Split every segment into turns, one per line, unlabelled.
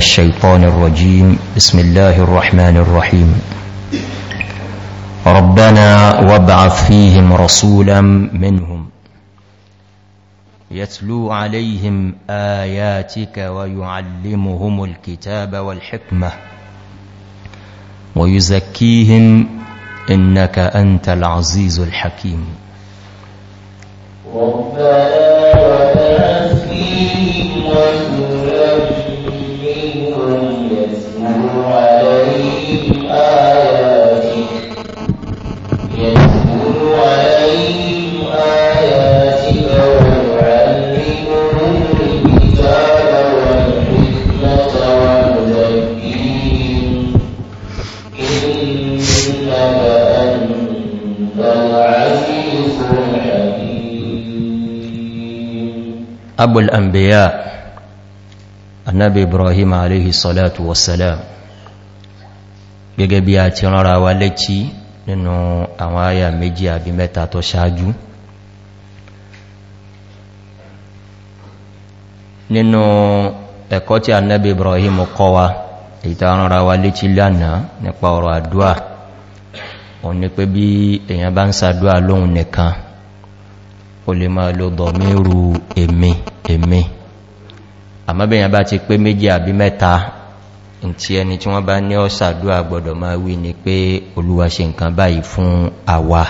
الشيطان الرجيم بسم الله الرحمن الرحيم ربنا وابعث فيهم رسولا منهم يتلو عليهم آياتك ويعلمهم الكتاب والحكمة ويزكيهم إنك أنت العزيز الحكيم ربنا وابعث فيهم abul anbiya annabi ibrahim alayhi salatu wassalam gẹ́gẹ́ bí a ti rán ra wa lẹ́kí nínú àwọn àyà méjì àbí mẹ́ta tó ṣáájú nínú ẹ̀kọ́ tí annabi ibrahim kọ́ wa ìtàrán ra wa létí lánàá nípa ọ̀rọ̀ àdúà òun pé bí èyàn bá ń sàdúà lóhun nìkan kò lè máa lọ bọ̀ mẹ́rù èmì èmì àmọ́bẹ̀yàn bá ti pé méjì àbí mẹ́ta tí ẹni tí wọ́n bá ní ọ̀sàdúwà gbọ́dọ̀ máa wí ni pé olúwa ṣe nǹkan báyìí fún àwa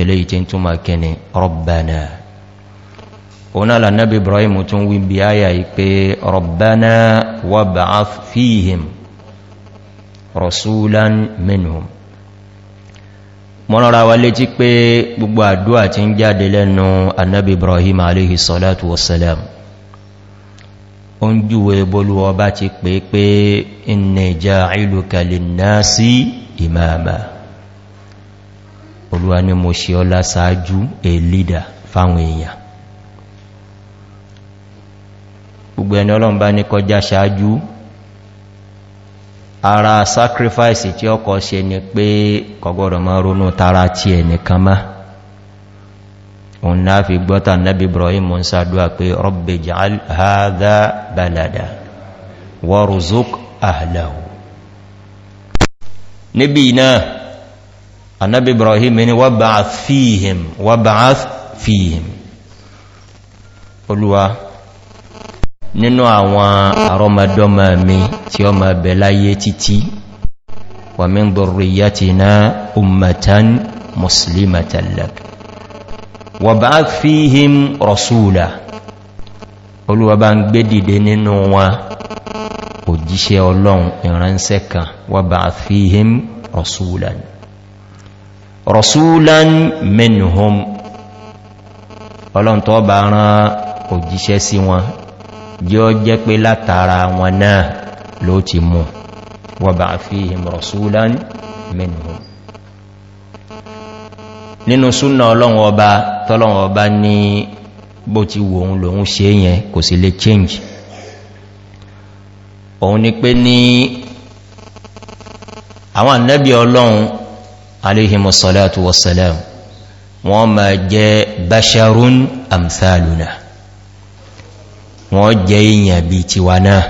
eléyìí tí ń tún wí bí rọ̀bẹ̀nà wà bá mọ́nàra wa létí pé gbogbo àdúwà tí ń jáde lẹ́nu annabi ibrahim aléhì sọ́látù wasalam o ń júwe bolúwọ bá ti pé pé inna ìjà ìlúkàlì náà sí ìmáàmà olúwa ni mo ṣe ọlá sáájú a leader fáwọn èèyàn gbogbo ẹni ọlọ́mbá ní kọjá sáájú ara sacrifice tí ọkọ̀ ṣe ni pé kọgbọ́dọ̀ ma ronú tara tí ẹnìkan má òun náà fi gbọ́ta nẹ́bí ibrahim ń sàdúwà pé rọ́bẹ̀ jàádá balada wọ́rùzúk ahlahu níbi náà annabi ibrahim ni wàbàá fíhìm wàbàá fíhìm olúwa nínú àwọn àrọmọdọ́mọ mi tí ọmọ ẹ̀bẹ̀ láyé títí wà mí gbọ̀rọ̀ ìyá ti ná ummatan muslimatallak wà bá fi him rasúlà olúwa bá ń gbé dìde nínú wọn òjíṣẹ́ ọlọ́run ìránṣẹ́ kan wà bá fi him rasúlà rasúlà minhum ọlọ́run tó bá rán òjíṣẹ́ sí wọn yọ jẹ́ pé látara wọn náà ló ti mú wọ́bà fíhìm rọ̀súlán mẹ́nu nínú súnà ọlọ́run ọba tọ́lọ́run ọba ní bó ti wò òun lòun ṣe yẹn kò sí lè change òun ni pé ní àwọn ànẹ́bí ọlọ́run aléhìmọ̀sọ̀lá àtúwọ̀sọ̀lá wọ́n ma jẹ́ basharun amsaluna wọ́n jẹ́ èyàn bí tiwa náà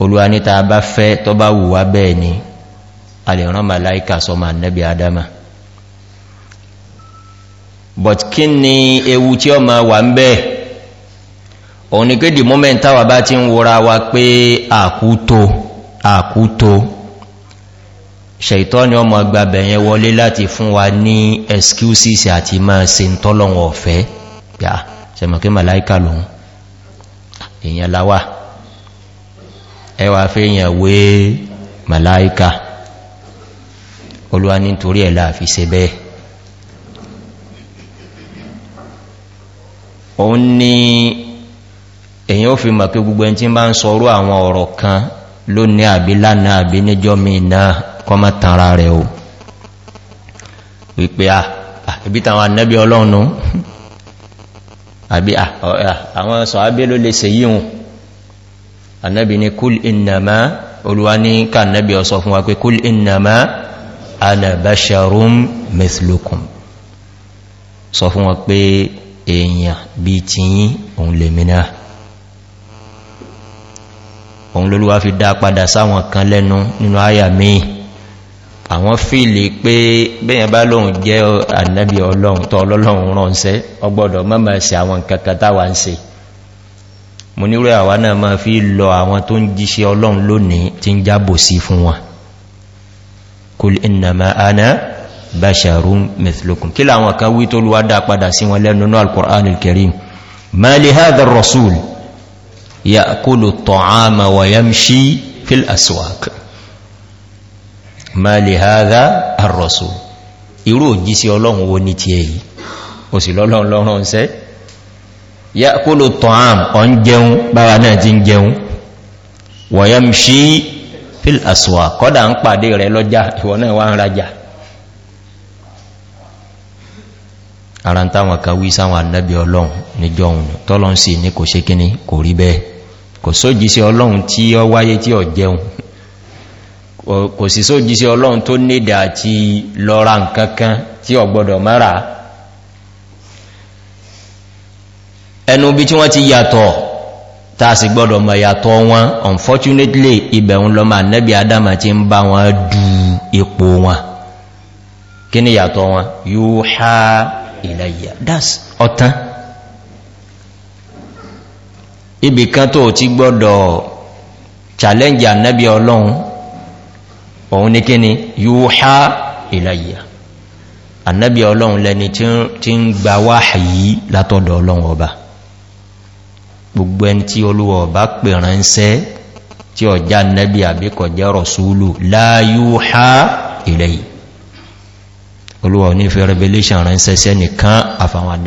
olúwa ní ta bá fẹ́ tó bá wùwá bẹ́ẹ̀ ni a lè rán màláìkà sọmọ annabi adama but kí ni ewu tí ọ ma wà ń bẹ́ẹ̀ òun ni pé di moment tàwà bá ti ń wúra wa pé àkútó àkútó ṣẹ̀ìtọ́ ni ọmọ gbàbẹ̀ yẹn wọlé láti fún wa ní excuses àti máa se ń tọ́lọ̀wọ̀ ọ̀fẹ́ pẹ̀lú ṣẹ̀mọ̀kí màláìkà lòun èyàn láwà ẹwà fèyàn wé màláíkà olúwa nítorí ẹ̀ láàfi se bẹ́ẹ̀ òun ni èyàn ó fi mọ̀ pé gbogbo ẹn tí bá ń sọrú àwọn ọ̀rọ̀ kan lónìí àbí lánàá àbí níjọ́ mi náà kọmọ tààrà rẹ̀ o wípé à ibi tàwọn annabi ọlọ́run àbí àwọn sọ̀hábé ló lè ṣe yíhun annabi ni kúl innama olúwa ní ká annabi ọ̀sọ̀ fún wa pé kúl innama anabasharum mithlukum sọ fún wa pé èèyàn bí ti yí òun lè mìíná òun lólúwa fi dá padà sáwọn kan lẹ́nu nínú àyà àwọn fíìlì pé bẹ́yàn bá lóhun jẹ́ ànábí ọlọ́run tọ́ ọlọ́run ránṣẹ́ ọgbọ́dọ̀ mọ́mọ̀ sí àwọn kẹkẹta wà ń se mo níwé àwá náà ma fi lọ àwọn tó ń jíṣẹ́ ọlọ́run lónìí tí ń jábò sí fún wọn fil aswak ma lè haza arọ̀sù irú òjísí ọlọ́run wo ní ti èyí o sì lọ́lọ́run lọ́rọ̀ ń ya kó ló tọ́ám ọ̀n jẹun bára náà ti ń jẹun wọ̀yẹ́m sí fil aswa kọ́dà ń pàdé rẹ lọ́jà ìwọ̀ náà wá ń rajà ara ń táwọn kan wí sáwọn annabi ọlọ́run níjọ òun tọ́lọ́n sí ní kò ṣe kíní kò rí bẹ́ẹ̀ kò sójísí ọlọ́run tí ọ wáyé tí ọ jẹun kò sí só jíṣẹ́ ọlọ́run tó nídà àti lọ́ra nkankan tí ọgbọ́dọ̀ mara ẹnu bí tí wọ́n ti yàtọ̀ ta sì gbọ́dọ̀ mọ̀ yàtọ̀ wọn unfortunately ibẹ̀un lọ ma nẹ́bí adama ti ń bá wọn dù ipò wọn kí ni yàtọ̀ wọn yóò ha ìlàyà that's ọ̀tán ibìkan tó ti gbọ́dọ̀ challenge annabi ọlọ́run òun ní kíni yóò ìlàyà annabi ọlọ́run lẹni tí ń gba wáhàyí látọ̀dọ̀ ọlọ́run ọba gbogbo ẹni tí olúwọ̀ ọba pè ránṣẹ́ tí ọjá annabi àbíkọ̀ jẹ́ rọ̀súlù láyúhá ìlẹ̀yì olúwọ̀ ní fẹ́ revelation ránṣẹ́ sẹ́nìkan àfàwọn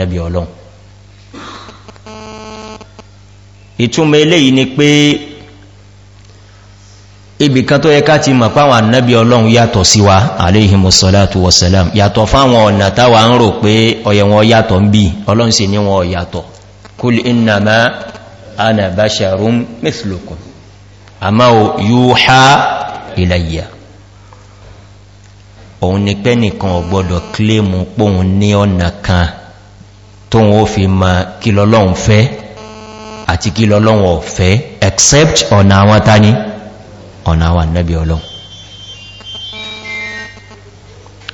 ibi kan tó yẹ ká ti mọ̀ páwọn annabi ọlọ́run yàtọ̀ sí wa aléhìmọ̀sọ́látù wọ̀sẹ̀lám yàtọ̀ fáwọn ọ̀nà táwà ń rò pé ọyẹ wọn yàtọ̀ ń bí ọlọ́run sì ní wọn yàtọ̀ kúl innama ana basharun mithlukum àmá o yúhá ilayya òun ni pé ọ̀nà àwọn ànábì ọlọ́run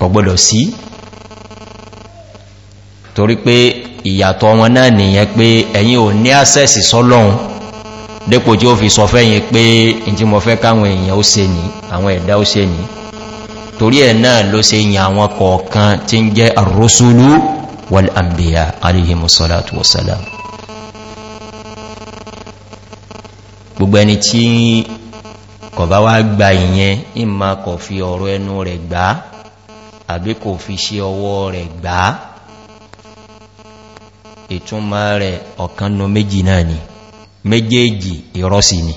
ọgbọ́dọ̀ sí torí pé ìyàtọ̀ wọn náà nìyẹn pé ẹ̀yin ò ní àṣẹ́sì sọ́lọ́run dépò tí ó fi sọ fẹ́yìn pé in tí mo fẹ́ káwọn èèyàn ó se ní àwọn ẹ̀dá ó se ní torí ẹ̀ náà ló se yìn àwọn kọ̀ọ̀kan tí ń jẹ́ àrósúlú wàl'ambiya alihimusalatu wasalam kọ̀bá wá gba ìyẹn ìmá kọ̀ fi ọ̀rọ̀ ẹnu rẹ̀ gbá àbí kò fi ṣe ọwọ́ rẹ̀ gbá ìtúnmà rẹ̀ ọ̀kanú méjì náà ni méjèèjì ìrọ́sì ni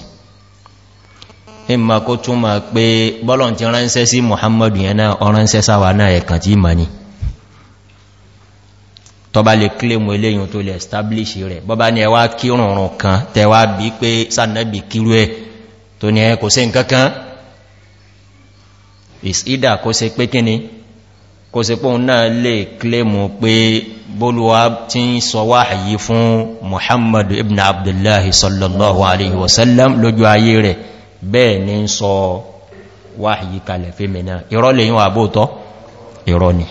ìmá kó túnmà pé bọ́lọ̀ ti ránṣẹ́ sí muhammadu yẹn náà ọránṣẹ́ sáwà náà ẹ̀kàn tí ìmá ni tọba lè kílèmù eléyìn tó lè establish rẹ̀ bọ́bá ni ẹwà kírùn-ún kan tẹwà bí pé sànẹ́bì kírú ẹ̀ tó ní ẹ kò sí nkankan is either kó se pé kíni kó se pọ́n náà lè kílèmù pé bólúwá tí ń sọ wá àyí fún muhammadu ibn abdullahi sallallahu alaihi wasallam lójú ayé rẹ̀ bẹ́ẹ̀ ni ń sọ wá àyí kalẹ̀ fèmìnà ìrọ́ lè yíwà bóòtọ́ ìrọ́ ni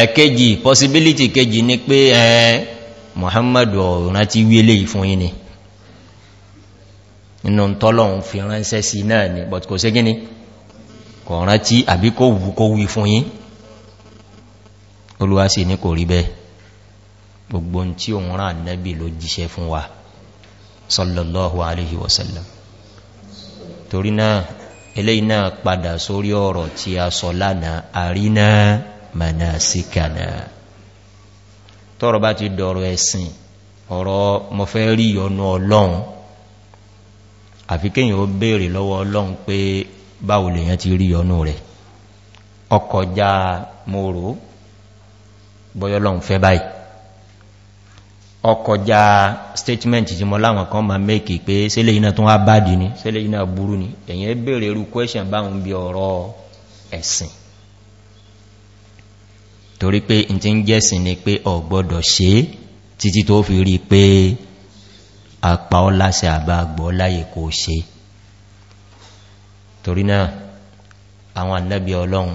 ẹ̀kejì possibility kejì ni pé ẹ muhammadu ọ̀rán ti wílé ìfún yìí ni inú tọ́lọ̀un fi ránṣẹ́ sí náà ni but kò ségí ni kò rántí àbí kò wù kó wí fún yín olúwa sí ní kò rí bẹ́ gbogbo tí òun rán nẹ́bì ló jíṣẹ́ fún wa sallallahu alaihi wasallam torí ọ̀rọ̀ mọ̀fẹ́ rí ọ̀nà ọlọ́run àfi kíyàn ó bèèrè lọ́wọ́ ọlọ́run pé báwo lèyàn ti rí ọnú rẹ̀ ọkọjá mòrò bọ́yọ́lọ́run fẹ́ báyìí ọkọjá statement tí mọ́ láwọn kan ma mẹ́kì pé sílé iná tó wá bádi ní sílé iná burú ní èyàn bèèrè irú question báhùn bí ọ̀rọ̀ ẹ̀sìn torí pé in ń jẹ́sìn ni pé ọ̀gbọ́dọ̀ ṣe títí tó fi rí pé apá ọláṣẹ́ àbá gbọ́ láyé kò ṣe torí náà àwọn annabi ọlọ́run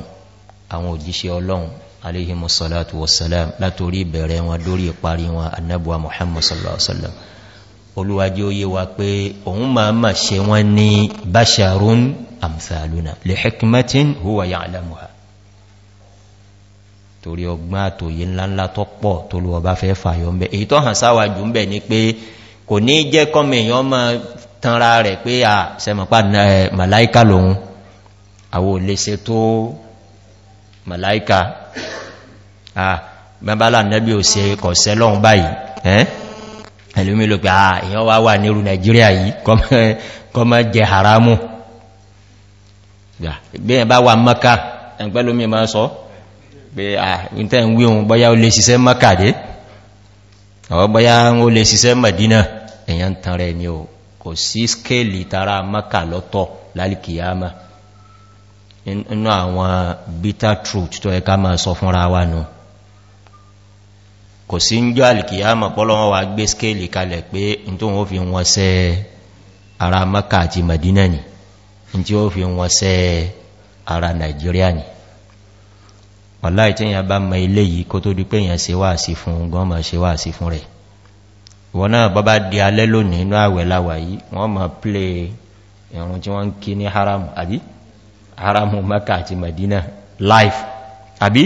àwọn òjíṣẹ́ ọlọ́run aléhìmọ̀ sọ́látù wọ̀sálàm látorí ìbẹ̀rẹ̀ wọn lórí ìparí wọn annabuwa muhammad sọ́lọ́sọ́lọ́ olúwájí ó yé wa pé òun máa ma ṣe wọ́n ní basharun amsaluna lè hekmatin huwa ya alamuha torí ọgbọ́n àtòyí ńláńlá tó pọ̀ tó lọ bá fẹ́ fàyọ mẹ́ èyí tó hàn sáwájú mẹ́ ni pé kò ní jẹ́ kọ́mọ̀ èèyàn mọ́ tanra rẹ̀ pé à sẹ́mọ̀pá màláíkà lòun àwò lè ṣe tó màláíkà à mẹ́bàlá nẹ́bí ò se kọ̀ṣẹ́ lọ́hun báyìí ẹlùmí ló pé à èèyàn wá wà nírú nàìjíríà yìí kọ́mọ̀ jẹ haramu gbẹ́yàn bá wà mọ́ká ẹ̀pẹ́lómi ọ̀bọ̀yá o lè ṣiṣẹ́ mẹ̀dínà èyàn tàn rẹ̀ ni o kò sí skéèlì tara maka lọtọ lálìkìyàmá inú àwọn bitter truth tó ẹka ma sọ fúnra wa nù kò sí ń jọ alìkìyàmá pọ́lọ́wọ́ wa gbé skéèlì kalẹ̀ pé in tó fi wọ́n sẹ́ ara maka àti mẹ̀dínà ni in tí fi wọ́n sẹ́ ara nàìjíríà ni wàláì tí èyàn bá mọ ilé yìí kó tó di pé èyàn sewá sí fún gan mọ̀ sewá sí fún rẹ̀ ìwọ̀n náà bọ́bá di alẹ́ lónìí inú àwẹ̀ láwà yìí wọ́n mọ̀ plé ẹ̀rùn tí wọ́n ń kí ní haramu àbí haramu maka àti medina life àbí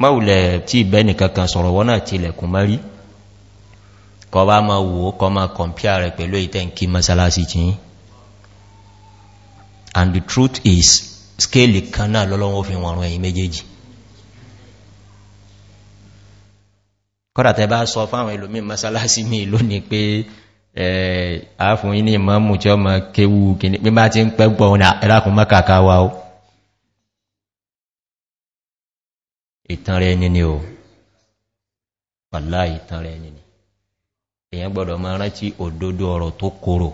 mọ́wùlẹ̀ tí ìbẹ́ nìkankan sọ̀rọ̀ wọ́n and the truth is skéèlì kan náà lọ́lọ́wọ́ fi wọ̀n ẹ̀yìn méjèèjì kọ́dà bá sọ fáwọn ìlòmí masalasi mi ìlú ni pé ààfún yí ní ìmọ̀mù tí ó ma kéwú kìí bí bá ti ń pẹ́ gbọ́ ọ̀nà ẹlákùn mọ́kàká wa ó ìtàn rẹ̀ ẹni ni ó pàlá ìtàn rẹ̀ ẹni ni èyàn gbọ́dọ̀ máa rántí òdodo ọ̀rọ̀ tó kòrò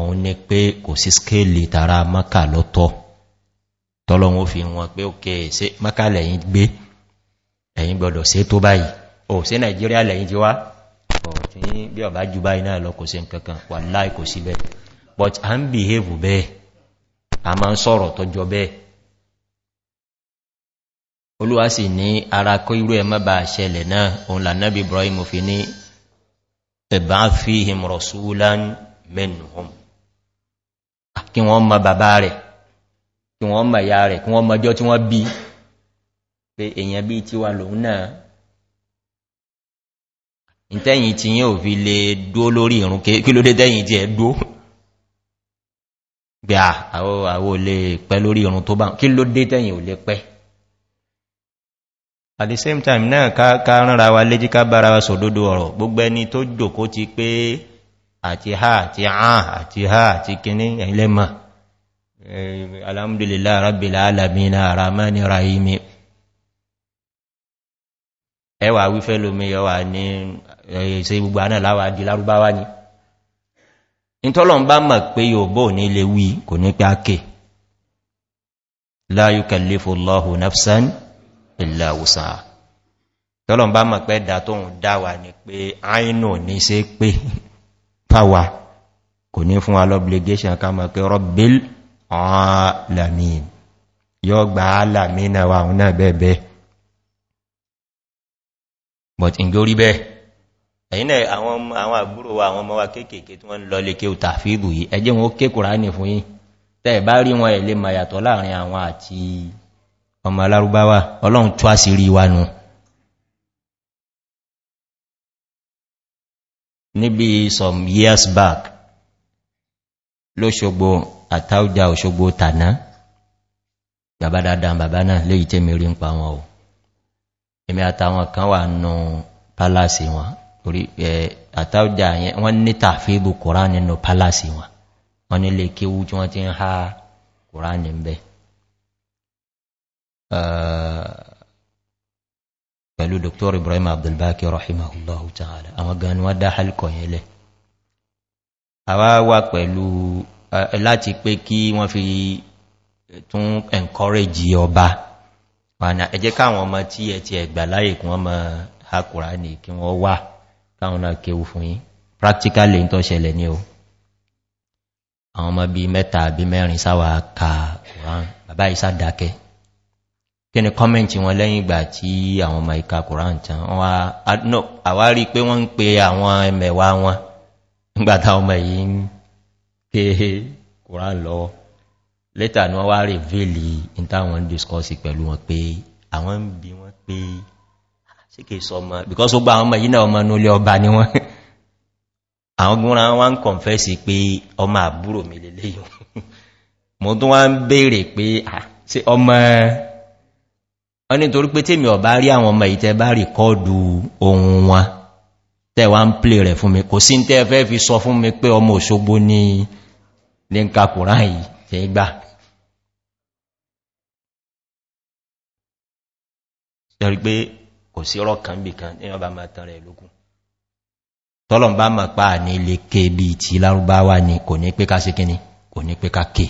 òun ni pé kò sí skéèlì tara mọ́kà lọ́tọ̀ọ́ tọ́lọ́wọ́ fi wọn pé òkè ṣe mọ́kàlẹ̀ yìí gbé ẹ̀yìn gbọdọ̀ sí tó báyìí o sí nàìjíríà lẹ́yìn jí wá ọ̀tí bí ọ̀bá jù báyìí náà lọ kò sí nkankan wà láì kò sí bẹ́ẹ̀ but a ń bí bẹ́ẹ̀ a máa ń sọ̀rọ̀ tọ́jọ bẹ́ẹ̀ olúwa sì ní ara kó irú ibrahim fi ní ẹ̀bá fi him rọ̀súlán mẹ́nu hàn kí wọ́n mọ bàbá kí wọ́n mọ̀ ìyá rẹ̀ kí wọ́n mọjọ́ tí wọ́n bí pé èyàn bí tí wà lòun náà ìtẹ́yìn tí yíò fi lè dúó lórí ìrùn kí ló dé tẹ́yìn tí ẹ dúó gbà àwọ olè pẹ́ lórí ìrùn tó bá kí ló dé tẹ́yìn ò lè pẹ́ at the same time náà ká ránra wa léjí ká bára wa sòdodo ọ̀rọ̀ gbogbo ẹni tó jòkó ti pé àti ha àti ha àti ha àti kíní ẹ̀lẹ́mọ̀ Eh, alhamdulillah rabbi alamina ramani rahimi ẹwà wífẹ́ lómi yọwà ní ẹ̀ṣẹ́ gbogbo aná láwà di lárúbáwá ní ìtọ́lọ̀ ń bá mọ̀ pé yóòbó ní ilé wí kò ní pé ákè láyú kẹlẹ́fò lọ́hù nafsan ìlàwùsà tọ́lọ̀ ń bá mọ̀ pé dà tóhun dáwà ní pé àínú ní sí pé pàwà kò ní fún wa ká mọ̀ pé rọ́bílì alamin yọ gba alamin na wa náà bẹ́ẹ̀bẹ́ but in be. bẹ́ẹ̀ ẹ̀yìn náà àwọn awọn wa ọmọ wa kéèkèé tí wọ́n lọ lè kí o tàfíìdù yìí ẹjẹ́ fún yí tẹ́ wọn láàrin àwọn ọmọ wa some years back lóṣogbo àtàújà òṣogbo tàná bàbá dáadáa bàbá náà léyìí tẹ́ mẹ́rin pa wọn o èmì àtàwọn kan wà nù pálásì wọn orí àtàújà wọn ní tàfíìbù kòrán nínú pálásì wọn wọn nílé kíwú tí wọ́n ti ń ha kòrán ní bẹ́ pẹ̀lú dr ibrahim abdulbaki rahimahullahu ta'ala àwọn gan wọn dá halkọ̀ yẹn lẹ́ àwá wà pẹ̀lú láti pé kí wọ́n fi tún encourage ọba pàna ẹjẹ́ káwọn ọmọ tí ẹ ti ẹ̀gbà láyé kún ọmọ hakùrá ní kí wọ́n wà káwọn náà kéwú fún yí practically ń tọ́ ṣẹlẹ̀ ní o àwọn ọmọ bí mẹ́ta bí mẹ́rin sáwà ka kùrán bàbá ìsá dákẹ́ kí ni kọ́mẹ̀ntì wọn lẹ́yìn ìgbà tí àwọn ọmọ ìka kùrán tán wọ́n àwárí pé wọ́n ń pe àwọn ẹmẹ̀wà wọn gbàtà ọmọ yìí ń ké kùrán lọ létà ní wọ́n wá rè vèlì ìtàwọn discourse pẹ̀lú wọn pé àwọn ń bí wọ́n pé síkè sọmọ because ó gbá àwọn ọmọ yìí náà ọmọ nílé ọba ni wọ́n àwọn gúnra wọ́n ń kọ̀nfẹ́sì pé ọmọ àbúrò mi lè léyìn mo tún wá ń bèèrè pé sí ọmọ ọ nítorí pé tí mi rí àwọn ọmọ ìtẹ́ bá rí kọ́ọ̀dù ohun wọn tẹ́wà ń plé rẹ̀ fún mi kò sí tẹ́ fẹ́ fi sọ fún mi pé ọmọ òṣogbo ní lè ń kakùrá yìí tẹ́ gbà tẹ́rí pé kò sí rọ́kàn bì kan ní ọba máa rẹ̀ lókún tọ́lọ̀ bá mọ̀ pa ní ilé ké bí ti lárúbáwá ni kò ní pé ká sí kíní kò ní pé ká ké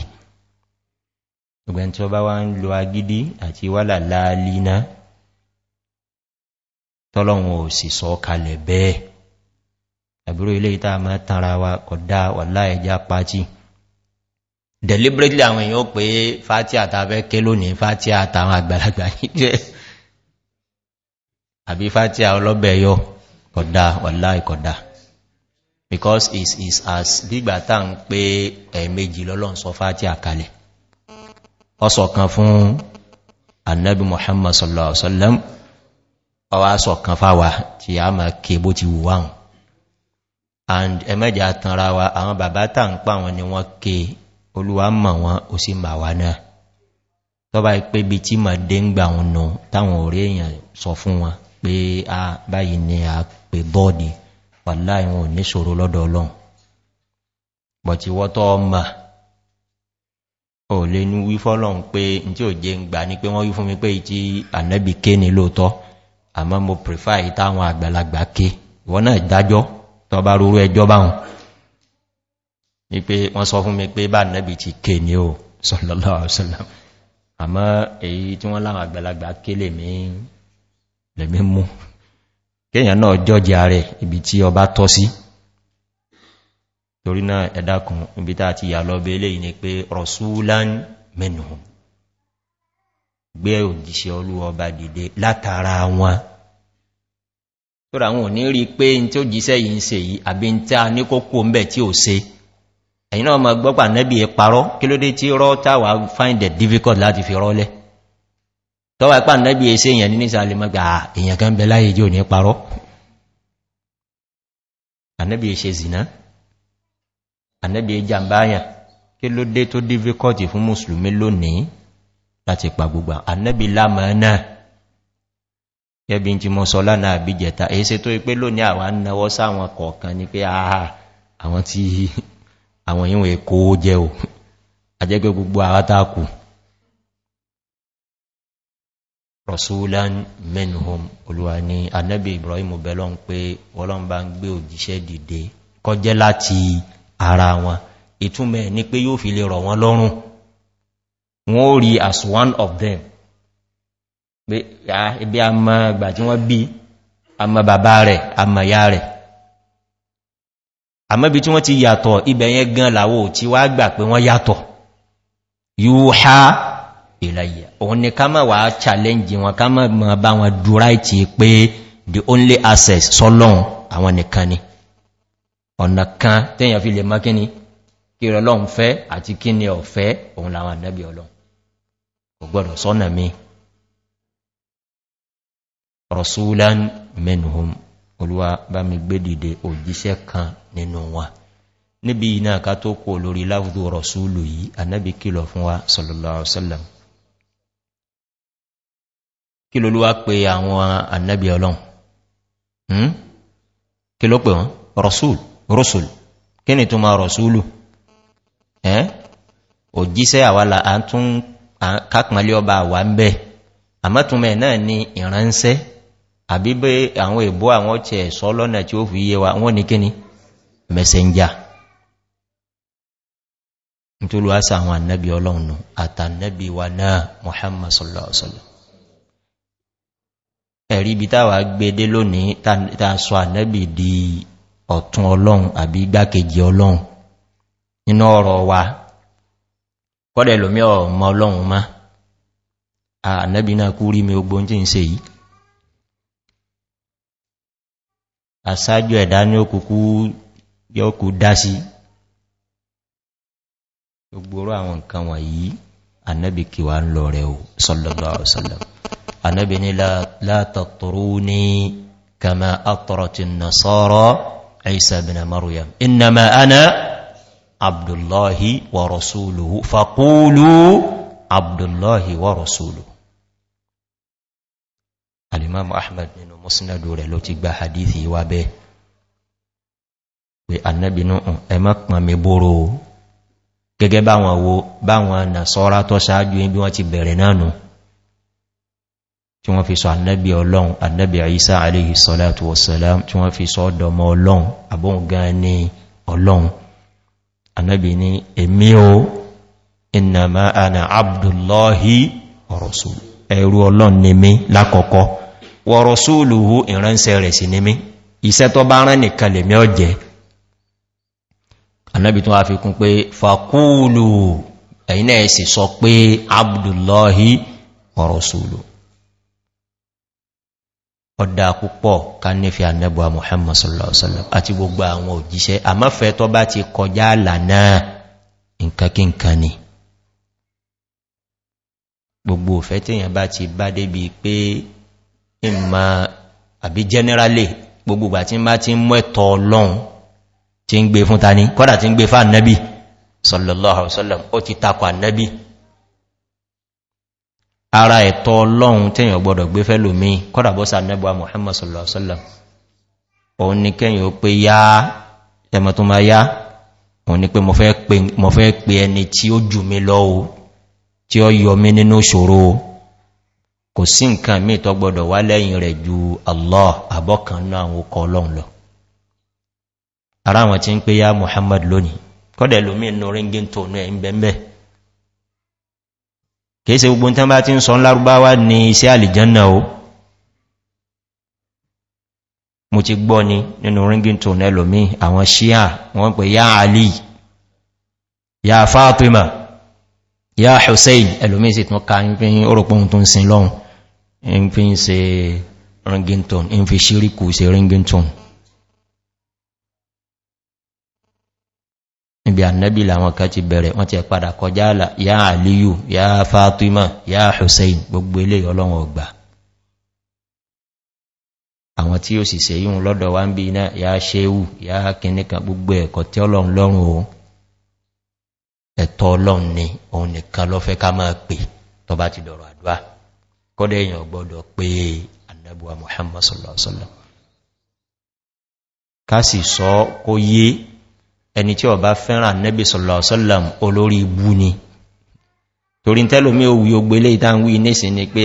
tọ́lọ̀wọ̀n ò sì sọ kalẹ̀ bẹ́ẹ̀ àbúrò ilé ìta ma tanra wa kọ̀dá wà láẹjá pàtí deliberately àwọn èèyàn ó pé fátí àtàfẹ́ ké lónìí fátí àtàwọn àgbàlagbà níjẹ́ àbí fátí ọlọ́bẹ̀ yọ kọ̀dá wà láì kọ̀dá because it is as gbígbà tá ń pé ẹ̀ẹ̀mejì lọ́lọ́n sọ fátí àkalẹ̀ muhammad sallallahu alaihi wasallam ọwá sọ kan tí a máa ké bó ti wù and ẹmẹ́jà tanra wa àwọn bàbá tà ń wọn ni wọ́n ke olúwa mọ̀ wọn ó sì bà wá náà tọ́bá ipé bí tí ma dé ń gbà wọn nù táwọn orí èèyàn sọ fún wọn pé a báyìí ni a pè bọ́ọ̀dì pàlá ìwọ̀n ò ní ṣòro lọ́dọ̀ pé pé fún mi pé mo ké tọba rúrú ẹjọ́ báhùn ní pé wọ́n sọ fún mi pé bá nẹ́bì ti ké ní o sọ̀lọ́lọ́sọ̀lọ́ àmọ́ èyí tí wọ́n láwọn àgbàlagbà ké lèmí mú kéèyàn náà jọ́jì ààrẹ ibi tí ọba tọ́ sí torí náà ẹ̀dàkùn ibi tàà ti yà lọ bẹ́ẹ̀lẹ̀ ní látara wọn tó ra àwọn òní rí pé in tí ó jíṣẹ́ yìí ń se yìí àbí ń tá ní kókó ń bẹ̀ tí ó se ẹ̀yìn náà ma gbọ́pà nẹ́bí ìparọ́ kí ló dé tí rọ́ táwà find it difficult láti fi rọ́lẹ̀ tọ́wà ipá nẹ́bí ẹsẹ́ èèyàn ní nísàlẹ̀ mọ́gbà èèyàn kan bẹ láyé jí ò ní parọ́ ànẹ́bí ẹsẹ́ zìná ànẹ́bí ẹjàmbáyàn difficult fún mùsùlùmí lónìí láti pa gbogbo ànẹ́bí ẹbí tí mọ́ sọ lánàá àbíjẹta èése tó ipé lónìí àwọn náwọ́ sáwọn kọ̀ọ̀kan ní pé àwọn tí àwọn ìwọ̀n èkó jẹ́ o àjẹ́gbẹ́ gbogbo àwátákù rọ̀súlán menhom olúwa ni anẹ́bì ibrahim belon pé wọ́lọ́n bá ń gbé òjíṣẹ́ dìde kọjẹ́ láti ara wọn as one of them ibi a mọ́ ẹgbà tí wọ́n bí a mọ́ bàbá rẹ̀ a mọ́ ya rẹ̀ àmọ́bí tí wọ́n ti yàtọ̀ ibẹ̀yẹn gan làwò tí wá gbà pé wọ́n yàtọ̀ yóò ha ìlàyẹ̀ òun ni ká mọ̀ wà challenge wọn ká mọ̀ mọ̀ bá wọn dúráìtì pé the only access sọ́lọ́un àwọn nìkan ni ọ̀nà kan tẹ́yàn fi lè mọ́ kíni kí ọlọ́run fẹ́ àti kíni ọ̀fẹ́ òun làwọn ànẹ́bí ọlọ́run kò gbọ́dọ̀ sọ́nà mi Rasulan mẹ́nuhun olúwa bá mi gbé dìde òjíṣẹ́ kan nínú wa níbi iná ká tó kò lórí láwùdó rọ̀súlù yìí anábi kìlọ̀ fún wa sọ̀lọ̀lọ̀sọ̀lọ̀ kí ló lúwá pé àwọn anábi ọlọ́run hmm? kí ló pè wọ́n rọ̀súlù kí ni tó máa rọ̀súlù òjíṣẹ́ àwàlà àtún kápẹ́lẹ́ ọba àwà ń bẹ́ àmọ́túnmẹ́ náà ni ìránṣẹ́ àbí bí àwọn a àwọn tẹ̀ sọ lọ́nà tí ó fi yé wa wọ́n ní kíní messenger nítorí wá sáwọn annabi ọlọ́run àtànnabi wa náà muhammad sallallahu ẹ̀rí ibi táwà gbédé lónìí ta sọ ànẹ́bì di ọ̀tún ọlọ́run àbí igbákejì ọlọ́run nínú ọ̀rọ̀ wa kọ́dẹ̀ àṣájú ẹ̀dá ní òkùnkú yọ́kù dá sí gbogboro àwọn nǹkan wọ̀nyí annabi kíwà ń lọ rẹ̀ o sallallahu ala'uwa annabi ni látàtàrú ní kama àtọ̀rọ̀tún na sọ́rọ̀ aisabina maryam inna ma ana abdullahi wa rasuluhu fakulu abdullahi wa rasuluhu alimamu ahmed nínú musnadu rẹ̀ ló ti gba hadithi wa bẹ́ pé annabinu ẹmọ́ pọn mi bóró gẹ́gẹ́ báwọn wo báwọn na sọ́rá tọ́ sáájú bí wọ́n ti bẹ̀rẹ̀ nánu tí wọ́n fi sọ annabi ọlọ́run annabi isa aléhì sọ́látù wasalam tí wọ́n fi sọ ọdọmọ ọlọ́run abóhun gan ní ọlọ́run annabi ni èmi o inna ma ana abdullahi ọ̀rọ̀sù ẹ̀rù ọlọ́run ni mi lákọ̀ọ́kọ́ wọ̀rọ̀ sóòlùhú ìránṣẹ́ rẹ̀ sí ní mí iṣẹ́ tó bá rán nìkan lè mẹ́ ọ̀jẹ́ anábi tó wá fi kún pé fàkúùlù ẹ̀yìn náà sì sọ pé abdullahi wọ̀rọ̀ sóòlù ọ̀dá púpọ̀ ká nífẹ́ anẹ́bùwa muhammad sallallahu alaihi wasallam àti gbogbo àwọn òjíṣẹ́ àmọ́fẹ́ tó bá ti kọjá lànà nǹkan kí nǹkan ni gbogbo òfẹ́ tí èyàn bá ti bá débi pé ìmọ̀ àbí generally gbogbo ìgbà tí ń bá ti ń mọ́ ẹ̀tọ́ ọlọ́run tí ń gbé fún ta ní kọ́dà tí ń gbé fà nẹ́bí sallallahu alaihi wasallam ó ti takò ànẹ́bí ara ẹ̀tọ́ ọlọ́run tẹ́yàn gbọdọ̀ gbé fẹ́ muhammad sallallahu alaihi wasallam òun ni kẹ́yìn ó pé yá ẹmọ tó máa yá òun ni pé mo fẹ́ pe ẹni tí ó jù mí lọ́wọ́ tí ó yọ mí nínú ṣòro kò sí nǹkan mí tó gbọdọ̀ wá lẹ́yìn rẹ̀ ju allah àbọ́kan náà àwọn ọkọ̀ ọlọ́run lọ ara wọn ti ń pé yá muhammad lónìí kọ́dẹ̀ lómi inú ringin tó ní ẹ̀yìn bẹ̀m̀bẹ̀ kìí se gbogbo tán bá ti ń sọ lárúbáwá ní iṣẹ́ àlìjánà o mo ti gbọ́ ni nínú ringin tó ní lómi àwọn ṣíà wọ́n pè yá ali ya fatima ya hussein ẹlòmí sì tún ká ń pín orùpọ̀ ohun tó ń sin lọ́hun in fi ń se ringington in fi ṣíríkù se ringington ibi annabi làwọn kan ti bẹ̀rẹ̀ wọ́n ti padà kọjá àlà ya aliyu ya fatima ya hussein gbogbo ilé ọlọ́wọ̀n ọgbà àwọn tí ó sì se yíò lọ́dọ̀ wá ń bí iná ya ṣeéwù ya kìnníkan gbogbo ẹ̀kọ́ tí ọlọ́run lọ́run o ẹ̀tọ́ ọlọ́run ni òun nìkan lọ́fẹ́ ká máa pè tọba ti dọ̀rọ̀ àdúrà kọ́dẹ̀ èyàn gbọ́dọ̀ pé annabuwa muhammad sallallahu alaihi wasallam ká sì sọ kó yé ẹni tí ọba fẹ́ràn annabi sallallahu alaihi wasallam olórí ibú ni torí tẹ́lómí òwú ogbélé ìtàwí nísìn ni pé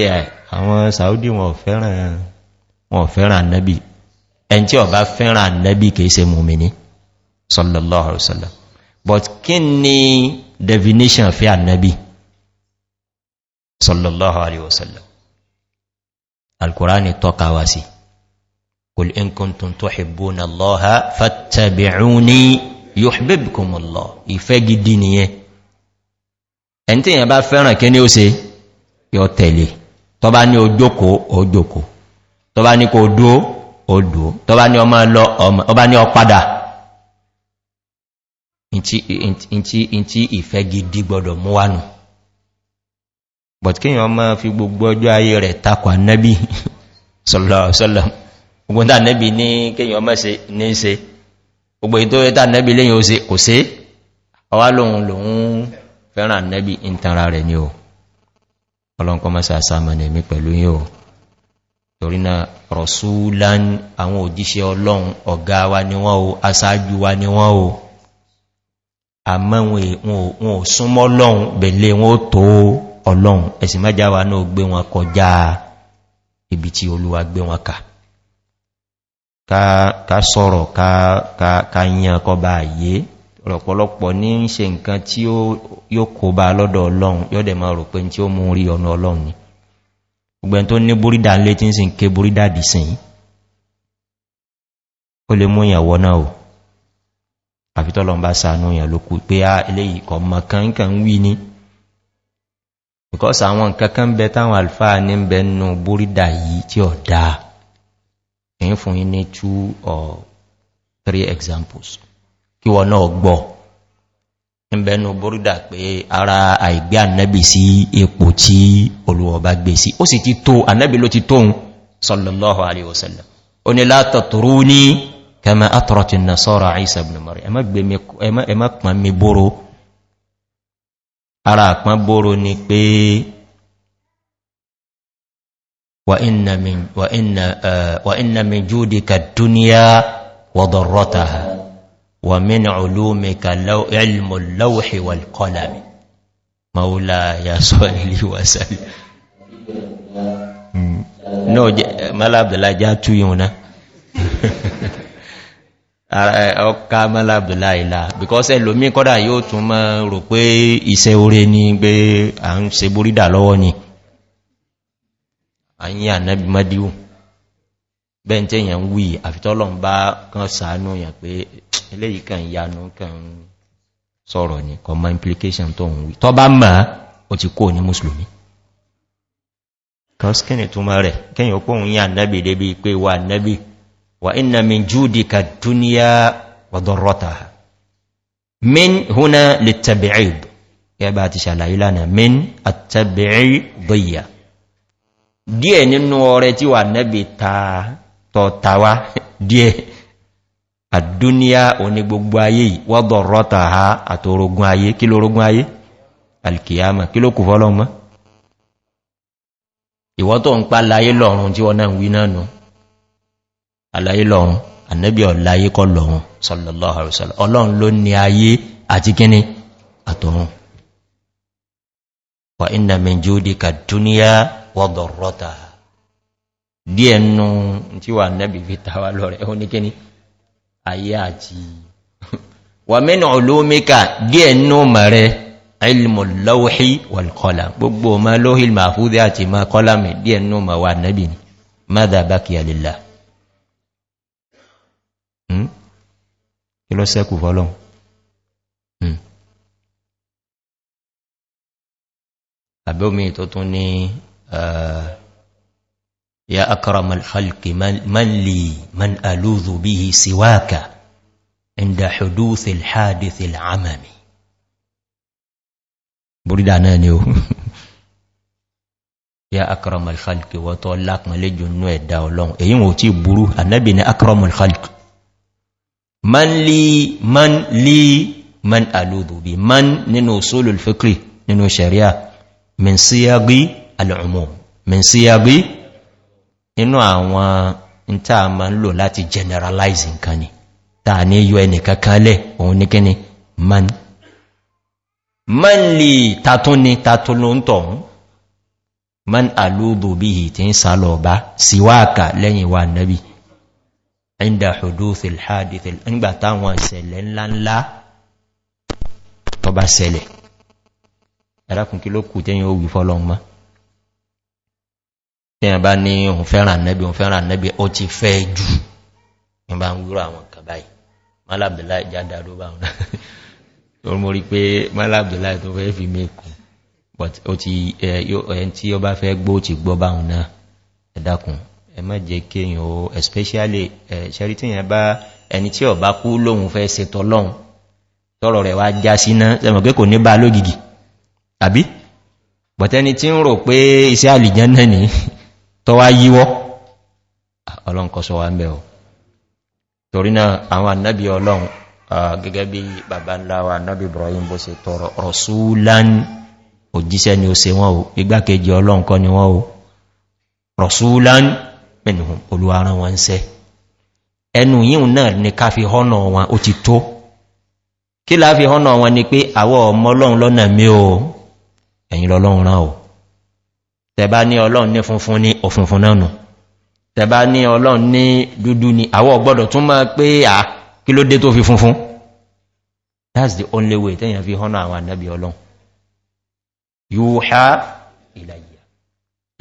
àwọn saudi wọn fẹ́ràn annabi ẹni tí ọba fẹ́ràn annabi kìí se mùmìnì sallallahu alaihi wasallam but kí ni definition fẹ́ annabi sallallahu alaihi wasallam alkùránì tọ́ka wá sí kò lè kùntùn tó hìbú na lọ́ha fàtàbìrún ní yóò ìfẹ́ gidi nìyẹn ẹni tí èyàn bá fẹ́ràn kí ní ó se yọ tẹ̀lé tọ́ bá ní ojókó ojókó tọ́ bá ní kò dúó odò tọ́ bá ní ọmọ lọ ọba ní ọpadà ìfẹ́ gidi gbọdọ̀ mú wánu but kíyàn ma fi gbogbo ọjọ́ ayé rẹ̀ takwa nẹ́bí sọ̀lọ̀sọ̀lọ̀ ogun tàà nẹ́bí ní kíyàn ma ṣe ní ṣe gbogbo ètò ẹta nẹ́bí lẹ́yìn ó ṣe kò ṣe ọwá lòun lòun o ọlọ́nkọ́ mọ́sá sáàmà nẹ̀mí pẹ̀lú yíò torí na rọ̀súlán àwọn òjíṣẹ́ ọlọ́run ọ̀gá wa ni wọ́n o asáájú wa ni wọ́n o àmọ́ wọn ò súnmọ́ lọ́run bẹ̀lẹ̀ wọn o to ọlọ́run ẹ̀sìn mẹ́jà wa náà gbé wọn kọjá ibi tí olúwa gbé wọn kà ká sọ̀rọ̀ ká yàn kọba àyè rọ̀pọ̀lọpọ̀ ní ń se nǹkan tí yóò kó bá lọ́dọ̀ ọlọ́run yọ́dẹ̀ máa rò pé tí ó mú rí ọ̀nà ọlọ́run ni ọgbẹ̀n tó ní búrídà lé tí ń sin ké búrídà dì sí ó lè mú ìyàwó because àwọn kankan bẹ táwọn alfáà ní bẹ nù búrídà yìí tí ó dáa èyí fún yí ní two or three examples kí wọ́n náà gbọ́ ìbẹ̀ nù búrídà pé ara àìgbé ànẹ́bì sí ipò tí olùwọ̀bá gbé sí ó sì ti tó ànẹ́bì ló ti tóun sallallahu alaihi wasallam ó ní látọ̀tọ̀rú ní kẹmẹ́ àtọ̀rọ̀tì nasọ́rọ̀ àìsàbìnà mọ̀rẹ̀ ẹmọ́ pọ̀ mi bóró ara àpán bóró ni pé wa inna min júdíka dúníà wọ́dọ̀rọ́ta ha wa min olómika ilmù lauhi wal kọlami maula ya sọ́lili wasari hmm. náà mala abdullahi já túyùn náà ọka mọ́lábìlá ìlà because ẹlòmí yóò tún mọ́ rò pé iṣẹ́ orí ní gbé à ń se búrídà lọ́wọ́ ni a yí ànábi mọ́díò bẹ́ẹ̀ tí èyàn ń wí àfitọ́lọ̀n bá kan sàánú yàn pé eléyìí kan implication ti kó ní وإن من جودك الدنيا وضرتها من هنا للتبعيض يا باتي شالايلانا من التبعيضية díẹ̀ nínú ọrẹ tí wà nẹ́bí tọ́tawa díẹ̀ àdúníà òní gbogbo ayé wọ́dọ̀ rọ́ta ha àtòrógún ayé kí lórógún ayé alkiyama kí ló kù fọ́lọ́mọ́ ìwọ́tọ̀ ń pá láyé lọ́rùn tí wọ́n náà wí náà nù aláyé lọ́run annabi ọ̀láyé kọ́ lọ́run sallallahu alaihi wasallam ọlọ́run ló ní ayé àti kíní àtọ̀run wà iná mẹ́jọ́dé ka dúníyà wọ́dọ̀ rọ́ta díẹ̀ nù tí wà annabi fi tàwà lọ́rẹ̀ ó ní kíní ayé àti wà mẹ́nà olómíkà díẹ̀ nù mẹ́rẹ́ ilmù lọ́wọ́hí wàlkọ́lá gbogbo ma lóhìl màfúdé àti ma kọ́lámẹ̀ díẹ̀ nù mẹ́wàá annabi ni mada bákiyà lillah Hmm? kí lọ sẹ́kù fọ́lọ́n hmm. àbẹ́ omi tó tún ní uh, ya akara malhalki malli man alúzù bí i síwáka inda hudusil hadithil amami burida náà ni o ya akara malhalki wọ́tọ́ lápínlẹ́jù nú ẹ̀dà ọlọ́run èyí wọ́n tí burú annabi ni akara malhalki man li man li man alúdù bí man nínú usulul fikri nínú sharia min síyagí al'umum min síyagí inú àwọn ìta ma ń lò láti generalize nǹkan ni ta ní yọ ẹnìkan kalẹ̀ òun ní kíni man man li tatún ni tatún ló ń tọ̀hún man alúdù bí i tí ń sálọ̀ wa nabi ẹ̀ndà huduth al-hadith nígbà táwọn ìṣẹ̀lẹ̀ ńláńlá tó bá ṣẹlẹ̀ ẹ̀rákùn kí ló kù tẹ́yìn ó wí fọ́lọ́un má tí a bá ní òun fẹ́ràn nẹ́bí òun fẹ́ràn nẹ́bí ó ti fẹ́ jù ní bá ń wúrọ àwọn kàbáyì málàbdìlá ìjádà ló bá wọn ẹmọ́jẹ kéyàn o especially ṣẹ́rí tí yẹn bá ẹni tí ọ̀bá kú lóhun fẹ́ ṣe tọ́lọ́hun tọ́rọ rẹ̀ wá já síná sẹ́mọ̀ pé kò ní bá lógìgì àbí bọ̀tẹ́ni tí ń rò pé iṣẹ́ àlìjẹ́ náà ní tọ́wá yíwọ́ ọlọ́nkọ́sọ wa ń bẹ̀ ibrahim bó ṣe tọrọ rọ̀súlán òjíṣẹ́ ni ó se wọ́n o igbákejì o rọ̀súlán mẹ́nuhun olúwarán wọn sẹ́ ẹnu yíò náà ni ká fi họ́nà wọn ó ti tó kí láà fi họ́nà wọn ni pé àwọ ọmọ ọlọ́run lọ́nà mí o ẹ̀yìn lọ́lọ́run rán o tẹ̀bá ní ọlọ́run ní funfun ní òfunfun náà nù tẹ̀bá ní ọlọ́run ní dúdú ni àwọ gbọ́dọ̀ tún máa pé à kí ló dé tó fi funfun that's the only way tẹ́yàn fi họ́nà àwọn ànábì ọlọ́run yóò há ìlàyé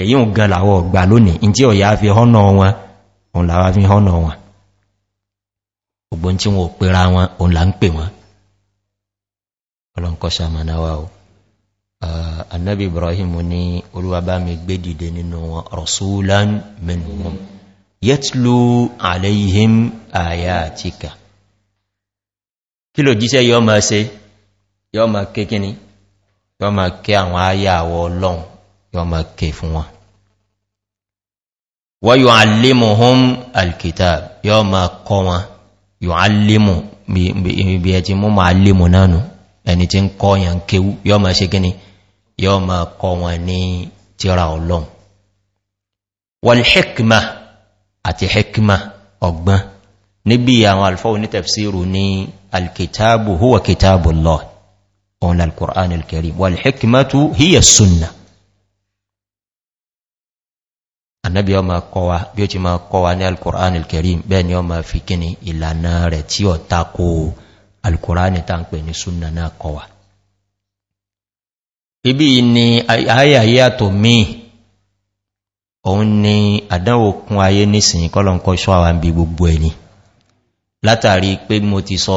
èyí ò gan làwọ̀ ọ̀gbà lónìí in tí ọ̀yá fi họ́nà wọn òun làwà fi họ́nà wọn ògbón tí wọn ò pèrà wọn òun là ń pè wọn ọlọ́nkọ́ sàmànáwà o annabi ibrahim ní olúwàbá mi gbé dìde nínú wọn rọ̀súlán mẹ́nuwọn yẹtlu àlẹ́yìn àyà àtíkà kí ló àwọn áyà àwọ̀ ọlọ́run yọ ma ké fún wọn wọ́n yóò alímù hún alkitab yọ ma kọ́ wọn yóò alímù bí ẹti mú ma alímù nánu ẹni tí ń kọ́ yàn kéwú yọ ma ṣe gíní yọ ma kọ́ wọn ní tíra ọlọ́un wọ́n hikma àti hikma ọgbọ́n níbi àwọn alfọ́ onítẹ̀fsíru ní alkitabu huwa kitabu lọ ọ̀nà alkùránil kẹrì wọ́n hikmatu hiyar sunnah annabi ọmọ kọwa bí ó ti ma kọwa ní alkùránì alkarim bẹ́ẹ̀ ni ọmọ fi kíni ìlànà rẹ̀ tí ó tako alkùránì ta ń pè ní súnnà náà kọwa ibi ni ayayà tó mí òun ni àdánwò kún ayé nísìnyí kọ́lọ̀nkọ́ ṣọ́ àwọn bí gbogbo ẹni látàrí pé mo ti sọ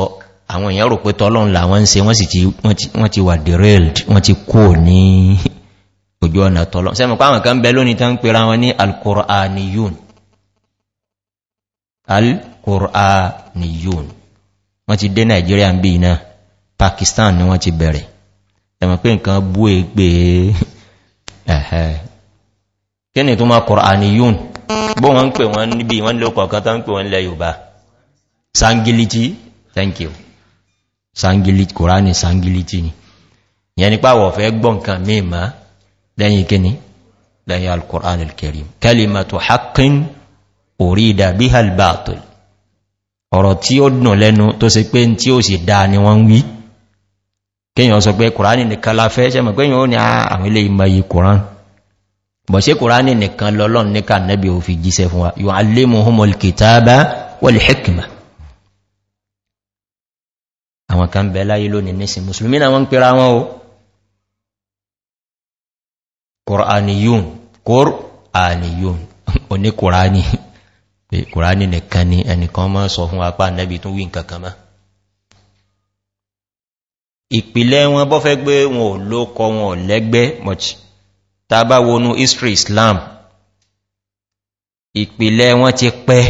àwọn èèyàn rò pé tọ́lọ́n làwọn ń se wọ́n ti wà derailed wọ́n ti kó ní ojú ọ̀nà tọ́lọ̀ sẹ́mù pàwọn kan bẹ lónìí tán ń pèrà wọn ní alkùrániyún alkùrániyún wọ́n ti dé nigeria ń bí iná pakistan ni wọ́n ti bẹ̀rẹ̀ sẹ́mù pé nǹkan bú e pé ẹ̀ẹ́ kí ni tó máa kùrániyún bó wọ́n ń thank you sangiliti kùránì sangiliti ni ìyẹn nípa wọ̀ fẹ́ gbọ́n lẹ́yìn gini lẹ́yìn al-qur'an al-karim kalimatu haqqin orida bí al-batul ọ̀rọ̀ tí ó dùn lẹ́nu tó sì pé tí ó sì dáa ni wọ́n wí kíyàn sọ pé kùránì nìkan la fẹ́ ṣẹ́mọ̀ pé yíò ní ah, àwọn ilé ìmọ̀yí ṣe kùránì àwọn kan bẹ̀ láyé lónìí nísìn musulmi náà wọ́n ń pera wọn o kòrániyún kòrániyún oní kòrání kòrání nìkan ni ẹnìkan mọ́ sọ fún apá nẹ́bí tún wí nǹkan kan mọ́ ìpìlẹ̀ wọn bọ́ fẹ́ gbé wọn ò ló kọ wọn ò lẹ́gbẹ́ much ta bá wọnú history islam ìpìlẹ̀ wọn ti pẹ́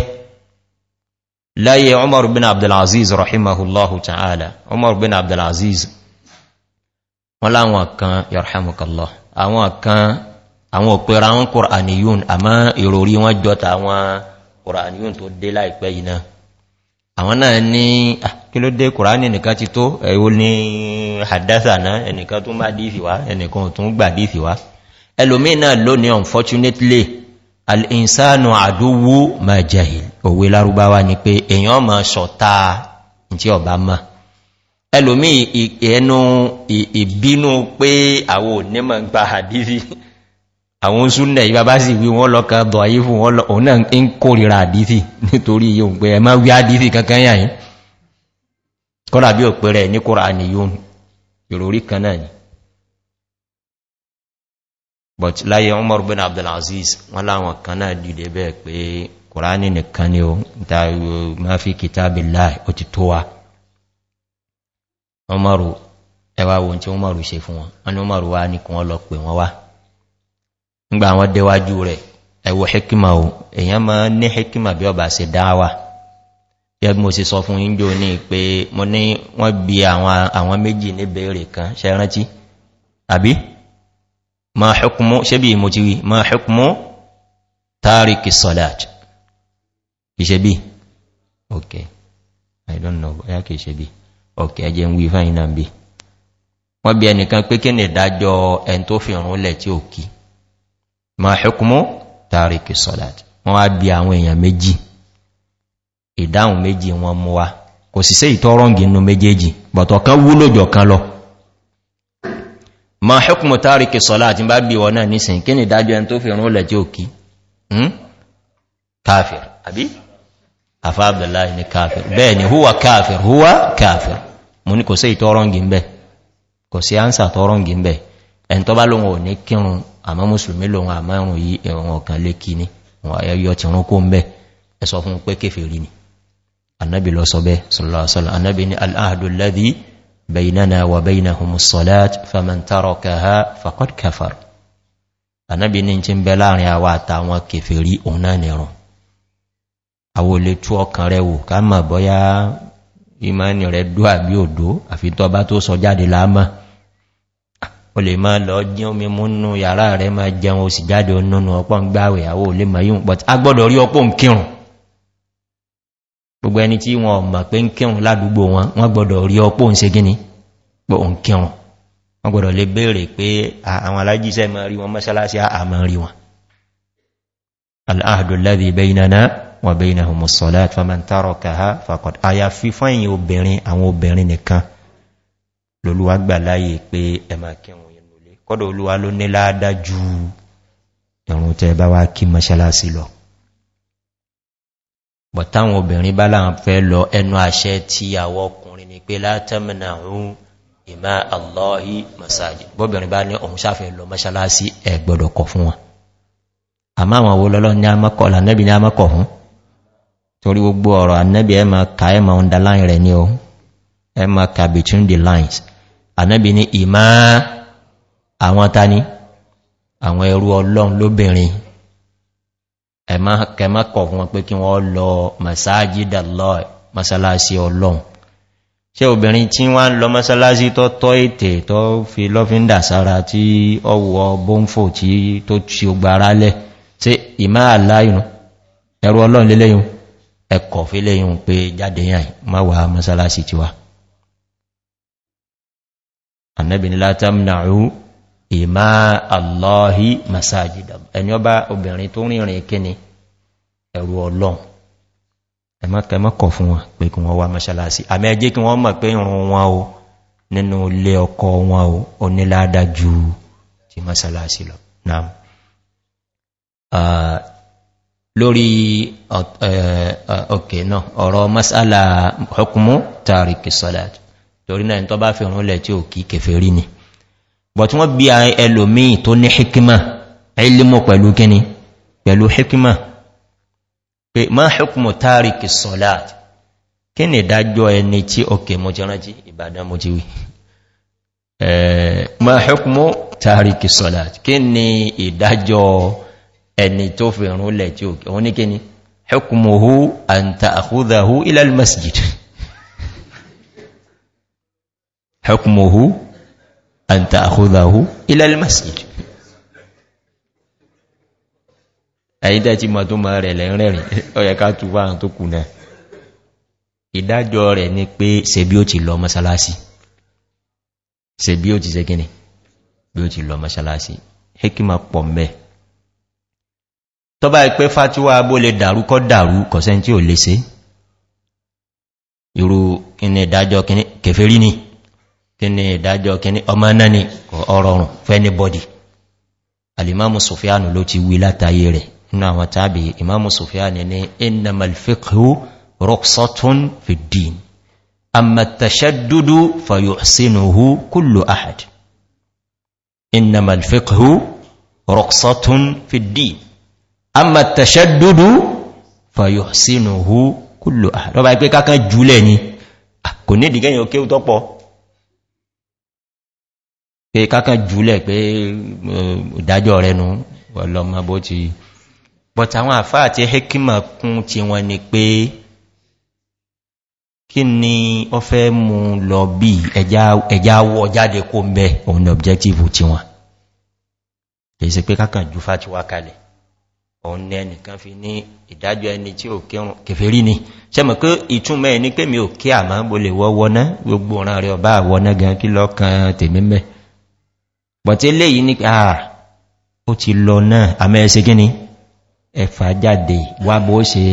láyé omar bin abdulaziz rahimahullahu ta'ala omar bin abdulaziz wọn láwọn kan yarhamukallah àwọn kan àwọn òpèrà wọn kòràníyùn àmá ìròrí wọn jọta àwọn kòràníyùn tó dé láìpẹ́ iná àwọn náà ní kí ló dé kòrání nìkan ti tó ẹ̀wọ́ ní hadassah náà ẹnìkan tó má dìí fìwá ẹnìkan tó ń gbà dìí fìwá ẹlòmínà lónìí ni pé èèyàn ma ṣọ̀ta ẹlòmí ẹnu ìbínú pé àwọn onímọ̀ ń gba àdírí àwọn súnlẹ̀ ìbábá sì wí wọ́n lọ́kàn bọ̀ ayé fún wọ́n lọ́nà ń kórìra àdírí nítorí yóò pé ẹmọ́ wí àdírí kankan yàyìn kọ́lá bí òpé rẹ̀ ní kóra nìyún ìròrí kan náà ni but láyé umar bin abdulaziz wọ́n láwọn kan náà dìde bẹ́ẹ̀ pé kòránì nìkan ni ó ń ta ma fi kìtàbí láì ó ti tó wa ọmọrù ẹwà wọn tí ọmọrù ṣe fún wọn wọn ni ọmọrù wá ní kún ọlọ pè wọn wá ńgbà wọn déwájú rẹ̀ ẹwọ hekima o èyàn ma ní hekima bí ọba se dáwà yẹ́ mo sì sọ fún injo ní pé mo ní wọ́n bí àwọn méjì ní bèèrè kan ṣe rántí àbí ma hukumu ṣe bí ma hukumu tàríkì sọ́lát ìṣẹ́bí ok i don't know ya kìí ṣe bí ọ̀kẹ́ ẹjẹ́ ń wí fáyín náà bí wọ́n bí ẹnìkan pé kí ní ìdájọ́ ẹn tó fi rún lẹ̀ tí ó kí ma hukumu tàríkì sọ́lát wọ́n á bí àwọn èèyàn méjì ìdáhùn méjì wọn mú wa kò sì sí ìtọ́rọ̀ǹgì inú méjèèjì bọ̀tọ̀ kan wúlòjọ̀ kan lọ ma hukumu tàríkì sọ́lát bá bí wọn náà nísìn kí ní ìdájọ́ ẹn tó fi rún lẹ̀ tí ó kí hmm? káfíà àbí afá abdullahi ni káfir bẹ́ẹ̀ ni huwa káfir huwa káfir mo ní kò sí ìtọ́rọ̀ǹgì ń bẹ̀ kò sí ánsà tọ́rọ̀ǹgì ń bẹ̀ ẹn tó bá lóhun ò ní kírun àmọ́ musulmi lóhun àmọ́rùn yí ẹ̀wọ̀n ọ̀kan lé kí ní wọ́n ẹyọ ti rún kó ń bẹ̀ ẹ sọ fún pé kéfèrí ni annabi lọ sọ bẹ́ àwò lè tú ọkàn rẹ̀ wò ká mọ̀ bọ́yá ìmáni rẹ̀ dó àbí òdó àfitọ́ bá tó sọ jáde láàmà o lè máa lọ jí omi múnú yàrá rẹ̀ máa jẹun o sì jáde onúnu ọpọ́ ń gbáwẹ̀ àwò lè mọ̀ yíò pọ̀ a gbọ́dọ̀ rí ọpọ́ ń kírùn gbogbo wọ́n bẹ́ iná homo sọ̀lá àtúwàmà tààrọ̀ káà fàkọ̀dá àyàfi fún ẹ̀yìn obìnrin àwọn obìnrin nìkan lolúwa gbà láyé pé ẹmà kẹwọn ìrùlé kọ́dọ̀ olúwa ló ní láádájú ẹ̀rùn tẹ́ bá wá kí mọ́ṣálásí lọ bọ̀táwọn obìnrin bá láwọn fẹ́ lọ ẹnu àṣẹ tí àwọ ọkùnrin ni pé látẹ́mìnà òun ìmá àlọ́hí masáàjì ní òun sáfẹ́ lọ ní amákọ̀ lànẹ́bì torí gbogbo ọ̀rọ̀ annabi ẹ ma ka ẹ ma underline rẹ̀ ni o ẹ ma ka between the lines annabi ni ìmá àwọn tani àwọn ẹrú ọlọ́run lóbìnrin ẹmá kọ̀ fún wọn pé kí wọ́n lọ masájídà lọ masalasi ọlọ́run ṣe obìnrin tí wọ́n lọ masalasi tó tọ́ ètè tó fi lọ́fíndà sára tí ọwọ́ bóńfò tí tó ṣe gbárálẹ̀ sí ìmá àláyùn ẹrú ọlọ́run lélẹ́yìn ẹkọ̀ fílẹ̀ yìí pé jáde yàn má wà mọ́sálásí ti wá annabin latamna'u ìmá allahi masajidam ẹni ọba obìnrin tó rìnrìn kíni ẹ̀rù ọlọ́n ẹmọ́kọ̀ fún wọn pé kí wọ́n wá mọ́sálásí àmẹ́ ẹjẹ́ kí wọ́n mọ̀ pé ìrùn wọn o nínú ilé ọkọ̀ wọn o oníládájú ti mọ́sálásí lọ lórí ọ̀kẹ̀ uh, uh, náà ọ̀rọ̀ masala hukumu tàríkì salat torí náà tó bá fi rúnlẹ̀ tí ó kí kẹfẹ́ rí ni but wọ́n bí i ẹlòmí tó ní hikima ilimu pẹ̀lú gini pẹ̀lú hikima pé ma hukumu tàríkì salat kí ni dájọ́ ẹni tí ọkẹ̀ mo jẹ́rájí ìbàdán mo jíwí ma hukumu tàríkì salat kí ni ìdájọ́ ẹni tó fi rún lẹ̀ tí ó òun ní kí ni hukumuhu an ta'khudhahu ila al-masjid hukumuhu an ta'khudhahu ila al-masjid ẹ̀yìn tẹ́ ti mọ̀ tó mọ̀ rẹ̀ lẹ́rẹ̀rìn ọ̀yẹ̀ ká tú wá tó kù náà ìdájọ́ rẹ̀ ni pé ṣe bí ó ti lọ mọ́sálásí ṣe bí ó ti ṣe gíní bí ó ti lọ mọ́sálásí hekima pọ̀ mẹ́ tó bá ìpé fatiwa bó lè dàrú kọ́ dàrú kọ̀sẹ́ tí ò lè ṣe irú kíni ìdájọ́ kíní kèfèrí ni kíni ìdájọ́ kíní ọmọ náà ni ọrọ̀rùn fẹ́nibọ́dì alìmáàmù sofianu ló ti wí látayé rẹ̀ nínú àwọn tàbí imáàmù sofianu ní iná malfikhu roxotun fiddin amatashaddudu fayuhsinuhu kullu ahad inna malfikhu roxotun fiddin amma tàṣẹ́dúdú fa sínú hú kúlò àrọ́bà ipé kákan jùlẹ̀ ni kò ní ìdígẹ́yìn òkè tọ́pọ̀ pé kákan jùlẹ̀ pé eh, ìdájọ́ rẹ̀ nù wọ́lọ́mọ́ bó ti but àwọn àfá àti hekima kún ti wọn ni pe. Kini ni ọ fẹ́ mú lọ bí ẹjá wọ jáde kó mẹ́ òun objective ti wọn èsì pé kákan jù fàtíwá kalẹ̀ ọ̀nà ẹnìkan fi ní ìdájọ́ ẹni tí ò kẹfẹ̀rí ni ṣẹ́mọ̀ pé ìtúnmẹ́ ẹni pé mi ò kí àmá bó lè wọ́wọ́ná gbogbo ọ̀rán rẹ̀ ọba àwọ̀ná gan kí lọ́kàn tèmímẹ́ bọ̀tí lè yìí ní àà ah, ó ti lọ náà àmẹ́ ẹsẹ gíní ẹfà jáde wà bó ṣe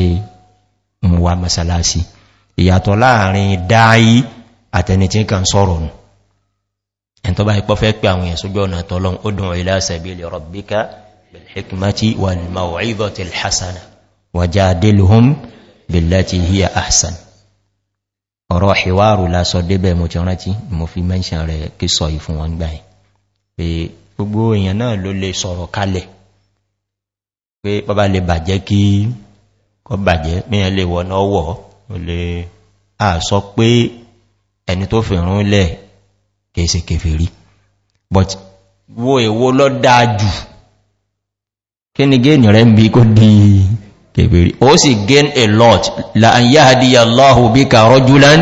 masalasi ìyàtọ̀ láàrin dáyí àtẹni tí kan sọ̀rọ̀ nù ẹ̀ntọ́ bá ipọ́ fẹ́ pé àwọn èèyàn sójú ọ̀nà tọ́lọ́n ó بالحكمة والموعظة الحسنة وجادلهم بالتي هي أحسن ọ̀rọ̀ ṣíwárù lásọ débẹ̀ mo ti rántí mo fi mẹ́ṣàn rẹ̀ kí sọ ìfún wọn gbà ẹ̀ pé gbogbo èèyàn náà ló lè sọ̀rọ̀ kalẹ̀ pé bọ́bá lè bàjẹ́ kí kọ bàjẹ́ mẹ́yàn lè wọ́n náà o lè àṣọ pé ẹni tó fèrún lẹ̀ kèsèkèfèrí but wo èwo lọ dáa jù kí ni gẹ́ẹ̀nì rẹ̀ ń bí kó di kèbèrè ó sì gain a lot la an yá hadiyà allahu bí ka rọ́júlán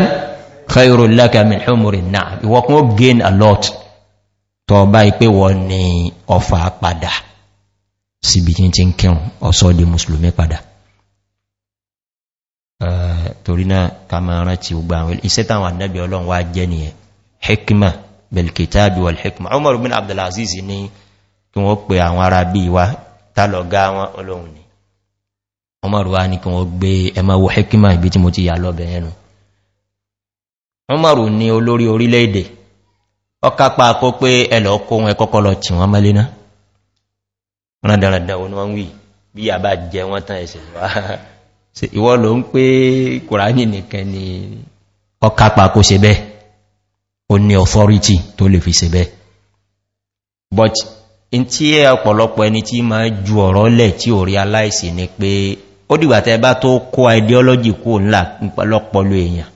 khairu laka min humurin náà ìwọ̀kún ó gain a lot tọ bá ipé wọ́n ni ọfà padà síbi tí ti ń kírùn ọ̀sọ́ di musulmi padà torí náà ká máa àwọn iṣẹ́ táwọn annabi ọlọ́run tálọ̀gá wọn ọlọ́run ni ọmọrùwá ní kí gbé wo hekima ibi tí mo ti yà lọ́bẹ̀ ẹnu ọmọrù ní olórí orílẹ̀-èdè ọkápa kó pé ẹlọ wọn ẹkọ́kọ́ lọ tí wọ́n mẹ́lẹ́ná wọ́n dáradá wọn wọ́n wí bí i àbá jẹ wọ́n tán ẹsẹ̀ ìwọ́ ló ń pé kùránì nìkan ni ọkápa kó se in tí ẹ ọ̀pọ̀lọpọ̀ ẹni tí ma ju ọ̀rọ̀ lẹ̀ tí ò rí aláìsì ni pé ó dìgbàtẹ́ bá tó kó ideology kó ńlá pọ̀lọpọ̀lọ èèyàn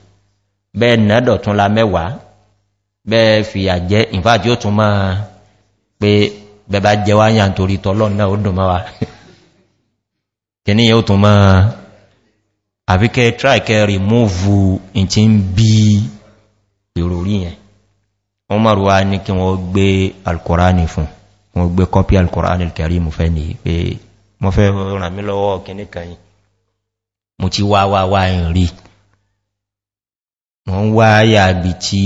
bẹ́ẹ̀ nádọ̀ tún la mẹ́wàá bẹ́ẹ̀ fìyà jẹ́ ìfàtí ó tún máa pé bẹ̀bá jẹ wá yà nítorí tọ́lọ́ náà ó dùn máa kìní yóò tún máa àbíkẹ́ tráìkẹ́ rìmúvù ìtí ń bí ìròrí yẹn kí wọ́n gbé alkùránì fún wọ́n gbé kọ́pí alkùnrin alìkẹ̀rí mú fẹ́ ní pé mọ́ fẹ́ ràn mí lọ́wọ́ kìíní kan yìí mo ti wá wá wá ń rí wọ́n wá ayà bí tí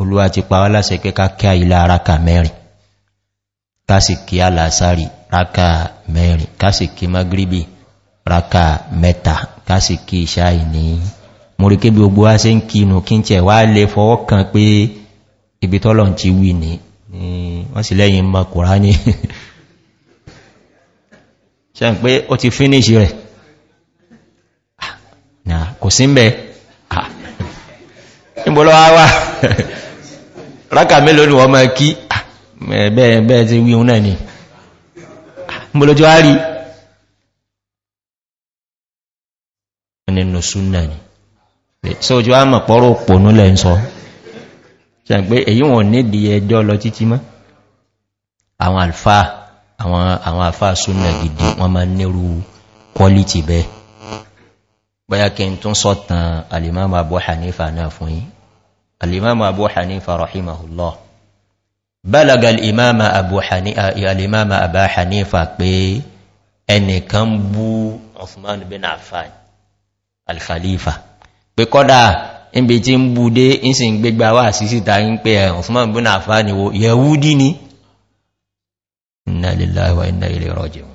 olúwa ti pa wá lásẹ̀ pé kákíá ilá araka mẹ́rin kásìkí alásárì raka mẹ́rin kásìkí magribi raka mẹ́ta kásìkí ìṣáì ní mọ́ríkébí ogbó wá sí ń kínú kí ń tẹ̀ wá lè fọwọ́ kan pé ibi tọ́lọ̀ ti wí ní Hmm, wọ́n sì lẹ́yìn mọ́ kùránì ṣe ń pé ó ti finish rẹ̀ ah, kò sí mẹ́ ah, níbọ̀lọ́ wá rákà mélòó ni wọ́n mọ́ kí ah, bẹ́ẹ̀ tí wíhun náà ni níbọ̀lọ́jọ́ á rí nínú súnnà ni so ojú á mọ̀ pọ́rọ̀ òpónú sẹ́n pé èyí wọn nídi ẹjọ́ lọ títí mọ́ àwọn alfa àwọn alfa súnà gidi wọ́n ma nírú quality bẹ́ báyá kí n tún sọ́tàn alimamu abu hanifa náà fún yí alimamu abu hanifa rahimahullah balaga alimama abu hanifa pé osman bin affan alkhalifa pé kọ́dá níbi tí ń bú dé ń sì ń gbégbà wà sí síta ń pẹ ẹ̀rùn eh, fún mọ́bí náà fà níwò yẹ̀wúdí ni iná lèláwà iná ilẹ̀ rọ̀jẹ̀un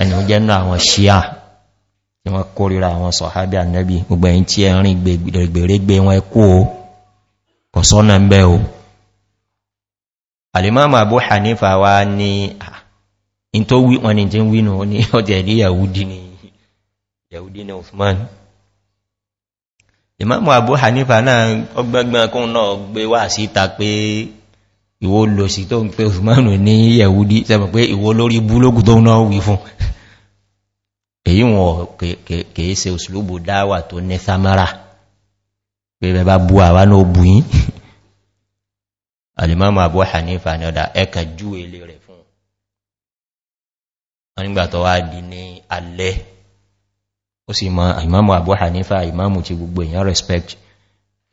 ẹni jẹ́ náà àwọn ṣíà tí wọ́n kórìra àwọn sọ̀hábí ànẹ́bí gbogbo ẹ̀yìn tí ẹ̀rin gbèrègbè alimama abu hanifa wa ni in ah, tó wí wọn ni tí ń wínú ní yahudi ni yahudi ni uthman ìmọ́mù àbú hanifa náà ọgbẹ́gbẹ́ kún náà gbé wà síta pé ìwó lò sí tó ń pé òsùmánù ní yẹ̀wúdí sẹ́mọ̀ pé ìwó lórí búlógù tó náà wí fún èyí wọn kèé se òsùlúgbò dáwà tó ní samara pé bẹba bú àwá náà bú yí alìmọ́mù àbú hanifa ní ọ̀dá ẹkà jú ilé rẹ̀ fún ó sì mọ́ ìmọ́mù àbú hanifa ìmọ́mù ti gbogbo èèyàn respect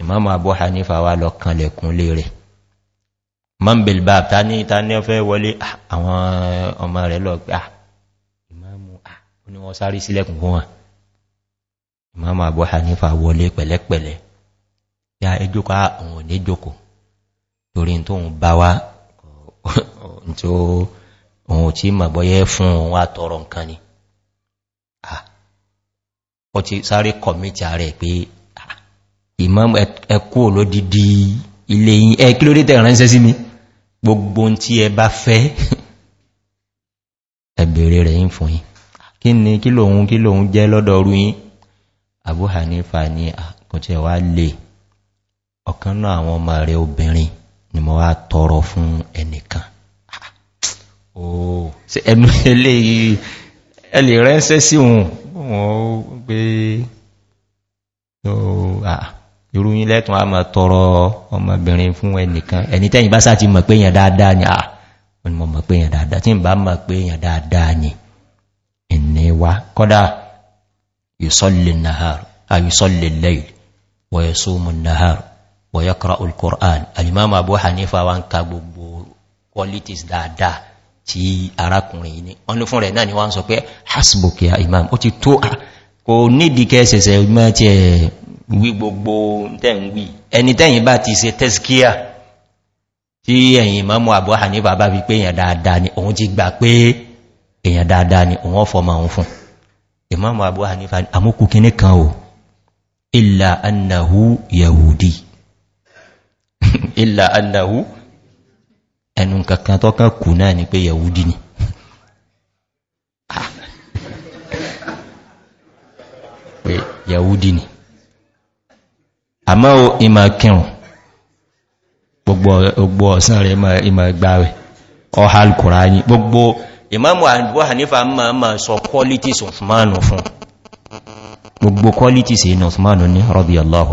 ìmọ́mù àbú hanifa wá lọ kanlẹ̀kún lè rẹ̀ mọ́mbil bá ta ní ìta ní ọ́fẹ́ wọlé ah, àwọn ọmọ rẹ̀ lọ pé ìmọ́mù ah, ah, ní wọ́n sáré sílẹ̀kùn fún wọn ìmọ́mù àbú hanifa wọlé pẹ̀lẹ́pẹ̀lẹ́ ya ẹjọ́kọ́ àwọn òní jòkó torí tó ń bá wá ohun ọ ti sáré kọ̀mítì ààrẹ pé ìmọ́m ẹkú ló dìdí ilé yìí ẹ kí ló dé tẹ̀rẹ̀ ránṣẹ́ sí mi gbogbo tí ẹ bá fẹ́ ẹbẹ̀rẹ̀ rẹ̀ yìí fún yìí kí ni kí lòun kí lòun jẹ́ lọ́dọ̀ọ̀rú yìí abu hanifa ni àkọ̀tẹ̀ wá lè ọ̀kan náà àwọn ọmọ rẹ̀ obìnrin ni ah, oh. sí òun wọ́n ó gbé ìrúyìn lẹ́tùn a máa tọrọ ọmọbìnrin fún ẹnìkan ẹni tẹ́yìn bá sáà ti mọ̀ pé èyàn dáadáa ni àà wọn mọ̀ mọ̀ pé èyàn dáadáa tí ń bá mọ̀ pé èyàn dáadáa ni ẹni wá kọ́dá yùsọ́lẹ̀ lẹ́yìn wọ̀yẹ̀sọ́mù náhàrù tí arákùnrin ní wọ́n ní fún rẹ̀ náà ni wọ́n sọ pé hasbuki ya imam ó ti tó kò nídi kẹsẹsẹ mọ́ tí ẹ̀ wí gbogbo tẹ́ǹwì ẹni tẹ́yìn bá ti se tẹ́skíà tí ẹ̀yìn mọ́mọ́ àbọ́ hanifa bá fi pé èyàn dáadáa ni òun ti gbà pé èyàn dáadáa ni òun fọmọ òun fún ìmọ́mọ́ àbọ́ hanifa amókù kíní kan o illa annahu yahudi illa annahu ẹnu kankan tọ́kàn kù náà ni pé yẹ̀wúdí ni pé yẹ̀wúdí ni àmọ́ o ìmọ̀ kírùn gbogbo ọ̀sán rẹ̀ ìmọ̀ ẹgbà rẹ̀ ọ̀hálù kùránì gbogbo ìmọ̀mù àdúgbò hanifa mọ̀ sọ qualities of man fún gbogbo qualities in Osman ní rọ́bí Allah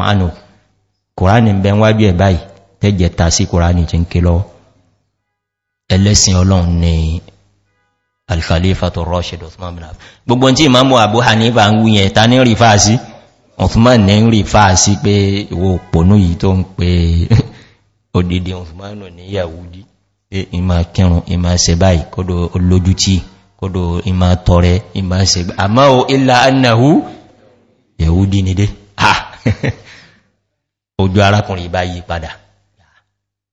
ọ̀hánù kòránì bẹ wájú ẹ̀ báyìí tẹ́jẹta sí kòránì ti ń ké lọ ẹlẹ́sìn ọlọ́run ni alkhalifatul rashid othman bin affan gbogbo tí imamu abu hanifa ń wúyẹn ta ní rí fàásí othman ní rí fàásí pé ìwò òpónú yìí tó ń pe odidi othman ní yahudi pé ìmá kírun ìmá se báyìí kódò olójútì kódò ìmá tọrẹ ìmá se àmá ilá annahu yahudi ni ojú arákùnrin bá yí padà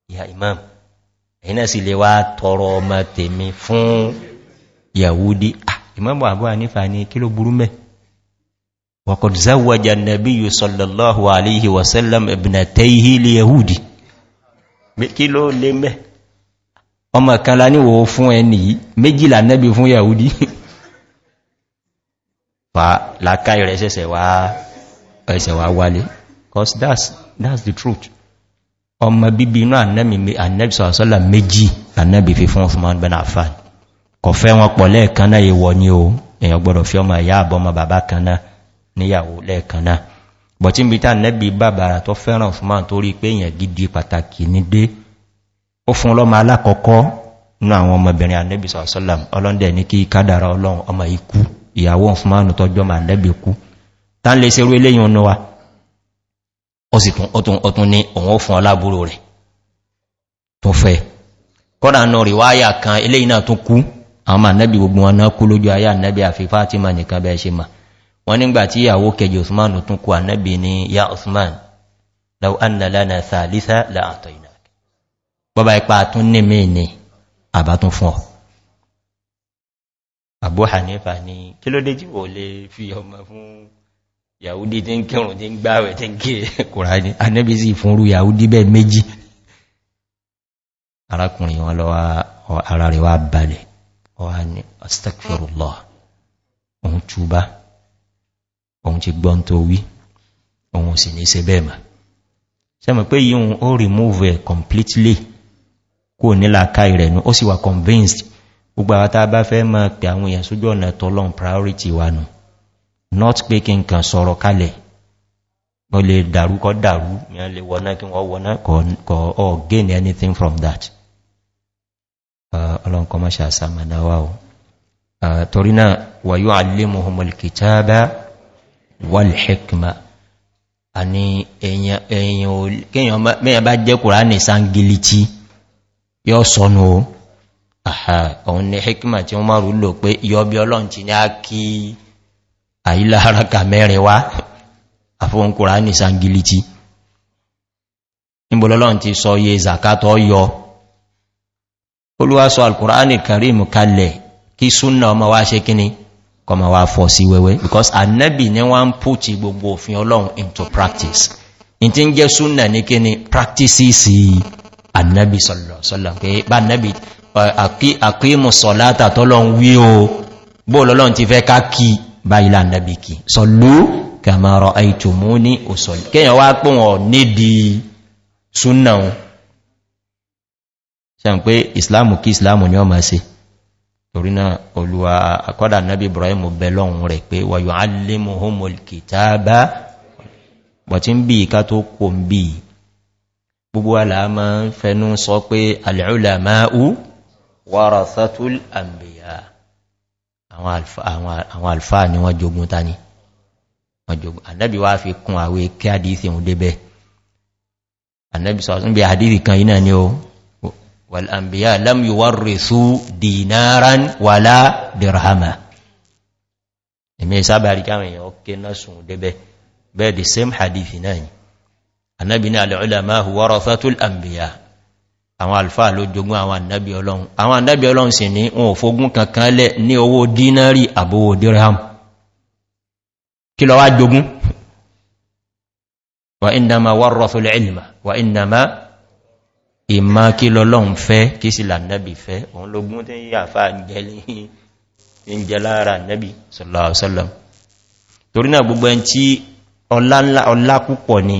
ìyà imam ẹ̀yìn náà sì lè wá tọrọ ọmọ tèmi fún yahudi imam àbúwà nífà ní kí ló burú mẹ́ wọ́kọ̀dù záwọ́jà nàbí yóò sọ̀lọ̀lọ́hù aléhì wàsálàm ìbìnà tẹ́ihì lè that's that's the truth ọmọ bíbí inú ànẹ́bìsọ àṣọ́là méjì ànẹ́bì fi fún ọfún ben afan kọ̀ fẹ́ wọn pọ̀ lẹ́ẹ̀kan náà ìwọ ni o èyàn gbọ́dọ̀ fi ọmọ ìyá àbọ́mọ bàbá kan náà níyàwó lẹ́ẹ̀kan náà bọ̀ tí bí tánẹ́bì bàbàrà tó fẹ́ràn fún máa torí pé èyàn gidi pàtàkì ní dé ó fún ọlọ́mọ alákọ̀ọ́kọ́ nú àwọn ọmọbìnrin ànẹ́bìsọ àṣọ́là ọlọ́ndẹ̀ ní kí kádàrà ọlọ́run ọmọ ikú ìyàwó fún máa nù tọ́jọ́ mà lẹ́bì kú ó sì tún ọtún ní òun ó fún ọlábúrò rẹ̀ tó fẹ́ kọ́dà náà rí wáyà kan ilé iná tó kú àwọn ànẹ́bì gbogbo wọn náà kú lójú ayá ànẹ́bì àfi fátíma nìkan bẹ́ẹ̀ ṣe ma wọ́n nígbà tí ìyàwó kẹjì osman tún kú ànẹ́bì ní ya osman lau anna lana thalitha la àtọ̀ iná bọ́bá ipa tún ní mí ní àbá tún fún ọ àbúhà nípa ni kí ló dé jíwò lè yàúdí tí ń kírùn tí ń gbáwẹ̀ tí ń kí kùránì anẹ́bí sí fúnrú yàúdí bẹ́ méjì arákùnrin wọn lọ ara rẹ̀ wá balẹ̀ ọwá ní astagfirullah ohun túbá ohun ti gbọ́n tó wí ohun sì ní ṣe bẹ́ẹ̀ ma sẹ́mọ̀ pé yíò ó remove it completely kó nílà káì rẹ̀ nú ó sì wà convinced gbogbo àwọn tá a bá fẹ́ mọ́ pẹ̀ àwọn èèyàn sójú ọ̀nà tọ́lọ́n priority wa nù no not pe kin kan soro kale o le daru kọ daru mi le wona kin wo wona ko ko o gain anytin from dat uh olon ko ma sha sama da wa o uh torina wa yu'allimuhum alkitaba wal hikma ani eyan eyan o keyan ma me ba je qur'an ni sangiliti yo sonu aha on ni hikma ti o ma ru lo pe yo bi olon ti àìlà araka mẹ́rin wá àfóhun kùrá ní sangiliti níbòlọ́lọ́n ti sọ yẹ zakatọ́ yọ olúwásọ alkùránì karim kalẹ̀ kí súnà ọmọ wá ṣe kíní kọmọ wá fọ́ sí wẹ́wẹ́ because annabi ni wọ́n ń pùtì gbogbo òfin ọlọ́run into practice in ti ń jẹ́ súnà ní kíní practices annabi sọ̀lọ̀ pé bá annabi àkímù sọ̀látà tọ́lọ́ wí o bóòlọ́lọ́n ti fẹ́ báyìlá nàbìkì sọlú kàmàrọ̀ àìtùmú ní òsọ̀lù kíyàn wá pún ọ̀ nídi súnà wọn sẹ́n pé islamu kí islamu ni ọ ma se torí náà olúwa akọ́dà nàbí ibrahim belọ́un rẹ̀ pé wàyọ̀ àwọn alfa ni wọ́n jogun ta ni wọ́n jogun annabi wá fi kún àwẹ́ kí àdíthì ń débẹ̀ annabi sọ́sún bí àdíthì kan iná ni o wàl'ambiya lam yi warre su dinaran wala dirhama ẹ̀mẹ́ sábàrí káwọn èèyàn àwọn alfáà ló jogun àwọn àdábí ọlọ́run àwọn àdábí ọlọ́run sì ní wọn ò fogún kankan lẹ̀ ní owó dínárì àbówó dirham kí lọ wá jogun wà ìdàmà wárọ̀fẹ́lẹ̀ ìlmà wà ìdàmà ìmá kí lọ́lọ́run fẹ́ kí sí lànàbí fẹ́ òun lógún tí tí ọlá púpọ̀ ni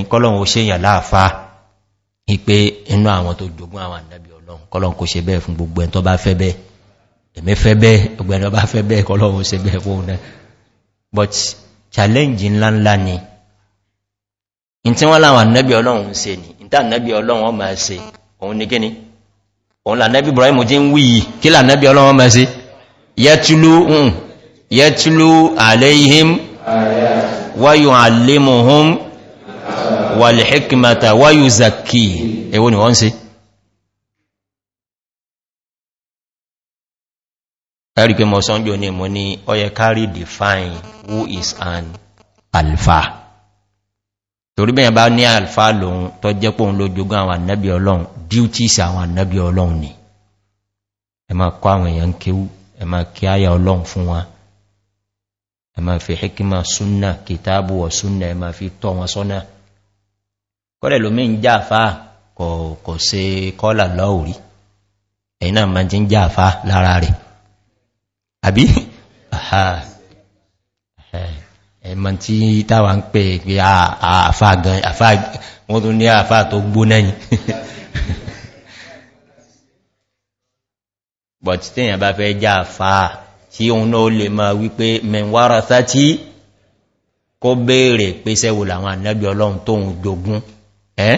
ìpé inú àwọn tó jogún àwọn ànábì ọlọ́run kọlọ́run kò ṣe bẹ́ẹ̀ fún gbogbo ẹn tó bá fẹ́ bẹ́ẹ̀ èmi fẹ́ bẹ́ẹ̀ ọgbẹ̀n tó fẹ́ bẹ́ẹ̀ kọlọ́run ṣe bẹ́ẹ̀ fún náà but challenge ńláńlá ni in tí wọ́n láwọn ni in tí ànábì ọlọ́run ọmọ ṣe òun ni kíni òun lànábì ibrahim ti ń wí yìí kí lànábì ọlọ́run ọmọ ṣe yẹtulú mm, yẹtulú wàlìhíkìmata wáyù zaki èwo ni wọ́n sí ẹ̀rí pé mọ̀sánjò ní mọ̀ ní ọyẹ kárí define who is an alfa torí bẹ́yàn bá ní alfa lòun tó jẹ́ pòun lójúgán àwọn annabi ọlọ́run duties àwọn annabi ọlọ́run ni ẹ máa kọ́ àwọn èèyàn kéwú ẹ máa kí áyà ọlọ́run fún wa ẹ máa fi hikima súnnà kìtàbù wọ̀ súnnà ẹ máa fi tọ́ wọn sọ́nà kọ́rẹ̀ lómi ń jáfà kò se kọ́là lọ́wùrí ẹ̀yìn náà ma jí ń jáfà lára rẹ̀ àbí ẹ̀mọ̀ tí táwà ń pè pé àfà gan wọ́n tún ní àfà tó gbóná yìí but tíyàn bá fẹ́ jáfà tí òun náà lè máa wípé mẹ́wàá rọ̀ sá kó béèrè pé làwọn ànẹ́bí ọlọ́run tóun jogun ẹ́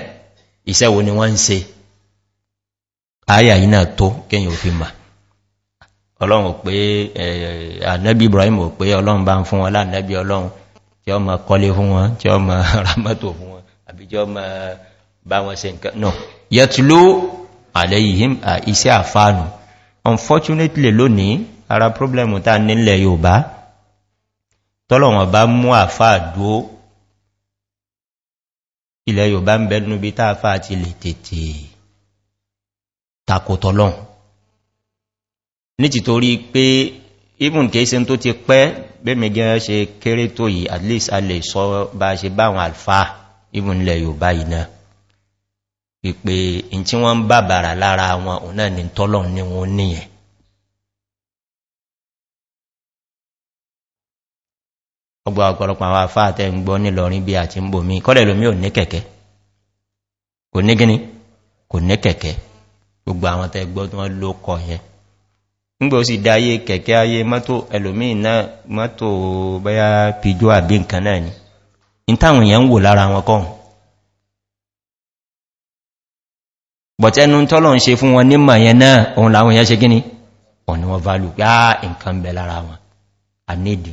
ìṣẹ́wò ni wọ́n ń se ayà iná tó kíyàn òfin ma ọlọ́run pé ànẹ́bí ibrahim ò pé ọlọ́run bá ń fún wọn láàrínẹ́bí ọlọ́run tí ọmọ kọlé fún wọn tí ọmọ ramọ́tò fún wọn àbí tí ọmọ bá wọn se nǹkan náà yẹtuló àlẹ́yìn iṣẹ́ àfáànù unfortunately lónìí ara problem ta nílẹ̀ yóò bá tọ́lọ̀wọ̀n bá mú àfáà dúó ilẹ̀ yóò bá ń bẹ̀rún bí táa fà ti lè tètè takòtọ́lọ́n ní ti torí pé even kéèsẹ́ tó ti pẹ́ bẹ́mẹ̀ gẹ́rẹ́ ṣe kéré tó yìí at least a lè sọ bá ṣe báwọn alfa even ilẹ̀ yóò bá iná pípé in tí wọ́n bàbàrà lára wọn òun náà ni tọ́lọ́n ní wọn níyẹn ọgbà ọ̀pọ̀lọpọ̀ àwọn afá àtẹ́ ń gbọ́ nílọrin bí ti ń bò mí kọ́lẹ̀ lómi ò ní kẹ̀kẹ́ kò ní gíní kò ní kẹ̀kẹ́ gbogbo àwọn tẹ́ gbọ́ tí wọ́n ló kọ yẹn nígbò sì dáyé kẹ̀kẹ́ ayé mọ́tò ẹlòmí náà mọ́tò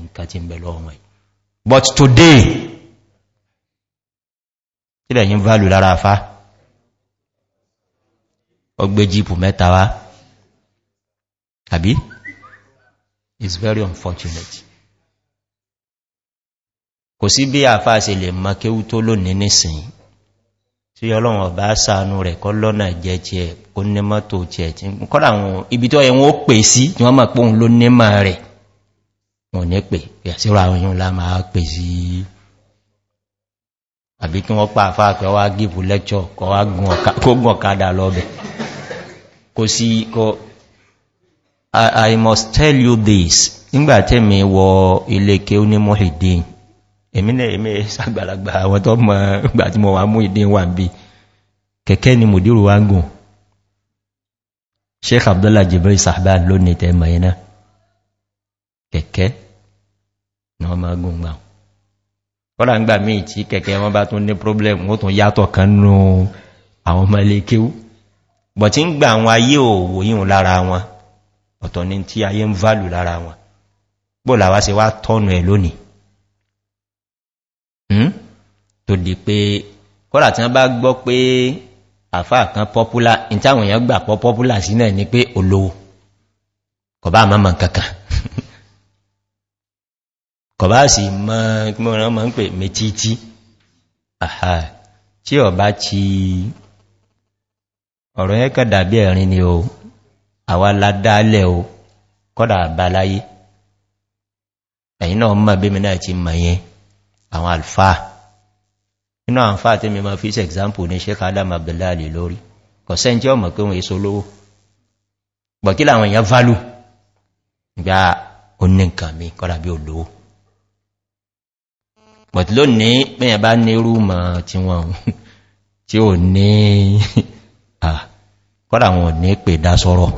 ah, bẹ́yà but today tílẹ̀ yí value lára afá ọgbẹ́ jípù mẹ́ta wá àbí is very unfortunate kò sí bí àfá se lè mọ kéwú tó lónìí nìsìn tí ọlọ́run ọ̀bá sàánú rẹ̀ kọ́ lọ́nà jẹ ti ẹ̀ kó ní mọ́tò ti ẹ̀ tí kọ́lá àwọn ibi tó ẹ̀wọ̀n ó pè sí tí wọ́n mọ̀ pé òun ló ní mọ́ rẹ̀ wọn ní pè ìyàsíwà oyún lá máa pè sí àbí kí wọ́n pàá fà pẹ́ wá gífù lẹ́kṣọ́ kọ́ gùn ọ̀kadà lọ́bẹ̀ kò sí kọ́ i must tell you this nígbàtí mi wọ ilé ké ní mọ́hìdín èmi náà èmi sàgbàlagbà àwọn tó mọ̀ gbà tí mo wà mú ìdín wà bí kẹ̀kẹ́ ni mùdírù wá gùn sheikh abdullah jibril sahaba lónìí tẹ́ mọ̀ iná kẹ̀kẹ́ ní ọmọ agun gbà kọ́lá ń gbà mí tí kẹ̀kẹ́ wọn bá tún ní problem ó tún yàtọ̀ kan nú àwọn ọmọ ilé kéwú bọ̀ tí ń gbà àwọn ayé òwò yíhun lára wọn ọ̀tọ̀ ni tí ayé ń válù lára wọn bó làwá se wá tọ́nu ẹ̀ lónìí hmm? kọ́lá tí wọ́n bá gbọ́ pé popular in táwọn èèyàn popular sí náà ni pé olówó kọ̀ kọ̀bá sì mọ́ran mọ́ ń pè mẹ́títí àhà tí ọ̀bá ti ọ̀rọ̀ ẹ́kà dàbí ẹ̀rin ni o àwà ládálẹ̀ o kọ́dà àbáláyé ẹ̀yìn náà mọ́ bí mẹ́nà ti mọ̀ yẹn àwọn alfa inú àǹfà tí mi máa fi ṣe example ní sheik adam abdullahi lórí kọ̀sẹ́ tí ọmọ pé wọ́n èso lówó gbọ̀kí làwọn èèyàn value gbá oní mi kọ́dà bí olówó but lónìí pẹ́yàn bá ní rúmọ̀ tí wọ́n tí ò ní kọ́dà wọn ní pè dá sọ́rọ̀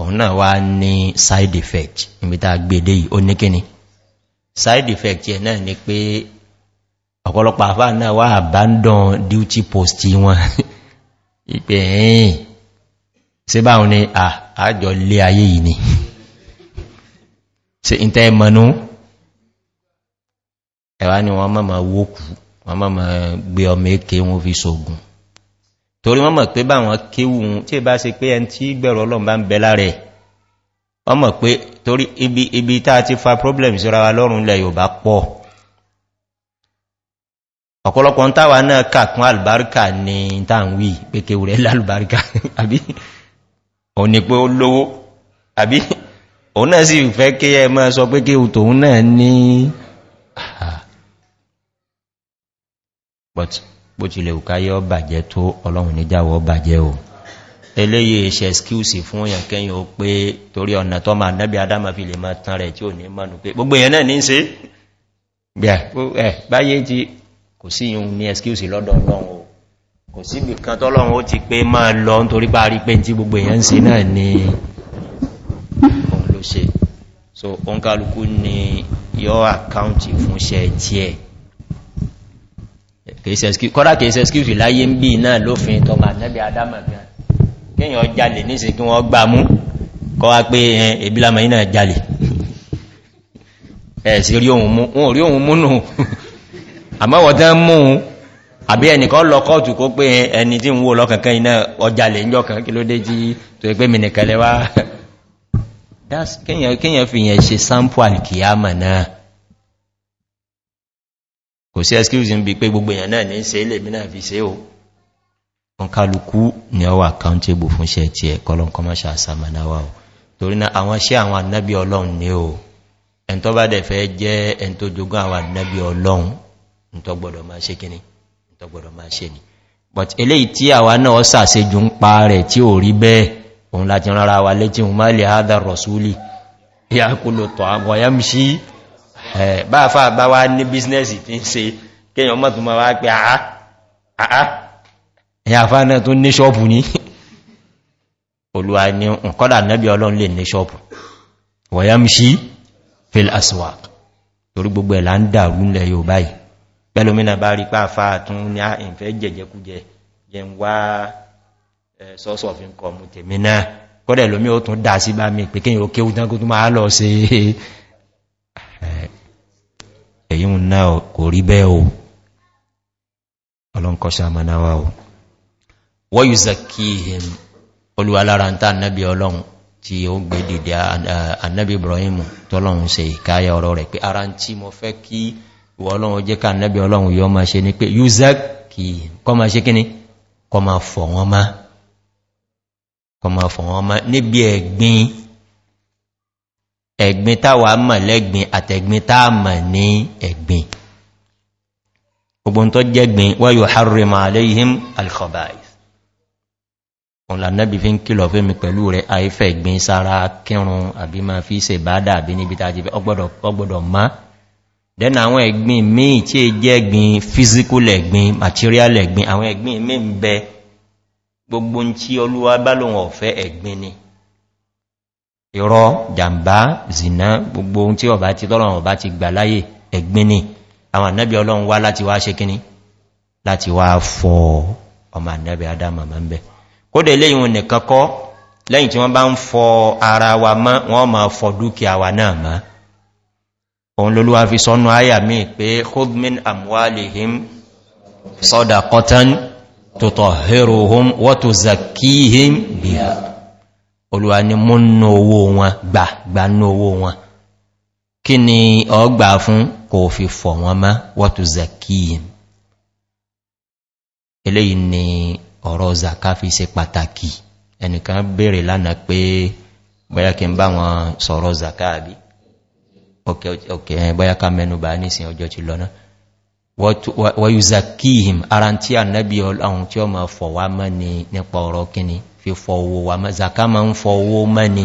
ọ̀hún náà wá ní side effect níbítà gbèdé yìí ó ní kíni side effect yẹ náà ni pé ọ̀pọ̀lọpọ̀ àfá náà wá abandon duty post wọn ìpẹ̀ ẹ̀yìn sí báwọn ni àjọ lé ayé yìí ni Se in tẹ́ mọ̀nú ẹ̀wà ni wọ́n mọ́mọ̀ wókù wọ́n mọ́mọ̀ gbé ọmọ èké wọn fi sógun torí wọ́n mọ̀ pé báwọn kéwùn tí bá se pé ẹn tí gbẹ̀rọ ọlọ́run bá ń bẹ lára ẹ̀ mọ̀ pé torí ibi tá ti fa problem síra wa lọ́rùn ilẹ̀ yóò bá pọ̀ ọ̀pọ̀lọpọ̀ táwà albarka ni táàwí pé kéwù rẹ̀ lálùbáríkà àbí òní pé ó òun náà sì fẹ́ kí ẹ máa sọ pé kí òtòun náà ní but bó ti lè òkáyẹ́ ọbàjẹ́ tó ọlọ́run ní jáwọ́ ọbàjẹ́ o eléyè ṣe skills fún èyàn kẹ́yìn ó pé torí ọ̀nà tó máa nẹ́bí adama fi lè máa tán rẹ̀ tí ò ní mọ́nu pé gbogbo èyàn náà ní ṣe báyé ti kò sí yíò ní excuse lọ́dọ̀ ọlọ́run o kò síbì kan tọ́lọ́run ó ti pé máa lọ nítorí bá rí pé tí gbogbo èyàn ń se náà ni so òǹkàlùkù ni yọ àkáǹtì fún ṣẹ́ tiẹ̀ kọ́dá kìí sẹ́skìfì láyé ń bí náà lófin tọmà nẹ́bí adámà gan kíyàn jalè ní sí kí wọ́n gbà mú kọ́ wá pé ẹ̀bílámà iná jalè ẹ̀sì rí ohun mú wọn rí ohun múnù àmọ́wọ̀tẹ́ mú àbí ẹnìkan lọ kọ́ọ̀tù kó pé ẹni tí ń wó lọ́kànkan iná ọjalè ń jọkàn kí ló dé tí tó ẹgbẹ́ mìnìkẹlẹ́wàá kíyàn fi yẹn ṣe sampo alkiyama náà kò sí excuse ń bí pé gbogbo èèyàn náà ní ṣe ilé mi náà fi ṣe o wọn kálukú ni ọwà accountable fún ṣe ti ẹ̀ kọlọ̀ commercial samanawa o torí náà àwọn ṣe àwọn annabi ọlọ́run ní o ẹn tó bá dẹ̀ fẹ́ jẹ́ ẹn tó jogún àwọn òun láti rárá wa létí hùn máa lè hádà rọ̀súlì ya kúlò tọ̀ àwọn ya mú sí bá fà bá wá ní bísínẹ́sì tí ń se kéyàn mọ́ tún ma wá pé àá àá ya fà náà tó ní ṣọ́pù ní olúwa ní ǹkọ́dà nẹ́bí ọlọ́run lè ní ṣọ́pù wọ̀ ya mú sí phil aswak torí gbogbo ẹ̀lá ń source of income tèmi náà kọ́dẹ̀ lómi ó tún dá sí bá mi pé kíyàn ó kéwú tán kó tún máa lọ sí èyí ń náà kò rí bẹ́ o ọlọ́nkọ́ṣà manáwà o wọ́n yìí zaki him olúwalára ń tá annabi ọlọ́run tí ó gbé dìde annabi ibrahim tọ́lọ́run se ìkáyà ọ̀rọ̀ rẹ̀ pé ara tí mo fẹ́ kí ìwọ ọlọ́run jẹ́ ká annabi ọlọ́run yọ ma ṣe ni pé yìí zaki kọ́ ma ṣe kíni kọ́ ma fọ̀ wọ́n máa kọmọ fún ọmọ níbi ẹ̀gbin ẹ̀gbin táwà mọ̀ lẹ́gbin àtẹ̀gbin táà mọ̀ ní ẹ̀gbin gbogbo tó jẹ́gbin wáyò harry ma aléhìm alkhobais ọ̀lànàbí fi ń kílọ̀ fún mi pẹ̀lú rẹ̀ àífẹ́ ìgbin sára kírun àbí ma fi ṣe bádà àbí physical ẹ̀gbin material ẹ̀gbin àwọn ẹ̀gbin míì ń gbogbo ń tí olúwa bá lòun ọ̀fẹ́ ẹ̀gbin ni ìrọ jàmbá zìná gbogbo ohun tí ọba ti lọ́rọ̀ ọba ti gbà láyé ẹ̀gbin ni àwọn ànẹ́bí ọlọ́run wá láti wá ṣe kíní láti wá fọ ọmọ ànẹ́bí adama ma ń bẹ̀ kódẹ̀ lẹ́yìn nìkan kọ́ lẹ́yìn tí wọ́n bá ń fọ ara wa mọ́ wọ́n ma fọ dúkìá wa náà mọ́ òun lolúwa fi sọ́nú àyà míì pé hudmin amwalihim sọ́dà cotton tutahhiruhum wa tuzakkihim biha olúwa ni mú nú owó wọn gbà gbà nú owó wọn kí ni ọgbà fún kò fi fọ̀ wọn má wa tuzakkihim eléyìí ni ọ̀rọ̀ zaka fi ṣe pàtàkì ẹnìkan bèèrè lánàá pé bóyá kí n bá wọn sọ̀rọ̀ zaka àbí ọkẹ̀ ọkẹ̀ bóyá ká mẹ́nubà nísìn ọjọ́ ti lọ náà wọ́yùzàkíhìm ara tí a nábi ọlọ́run tí ó ma fọ̀ wá mọ́ ni nípa ọ̀rọ̀ kíni fi fọ owó wa mọ́ zaka ma ń fọ owó mọ́ ni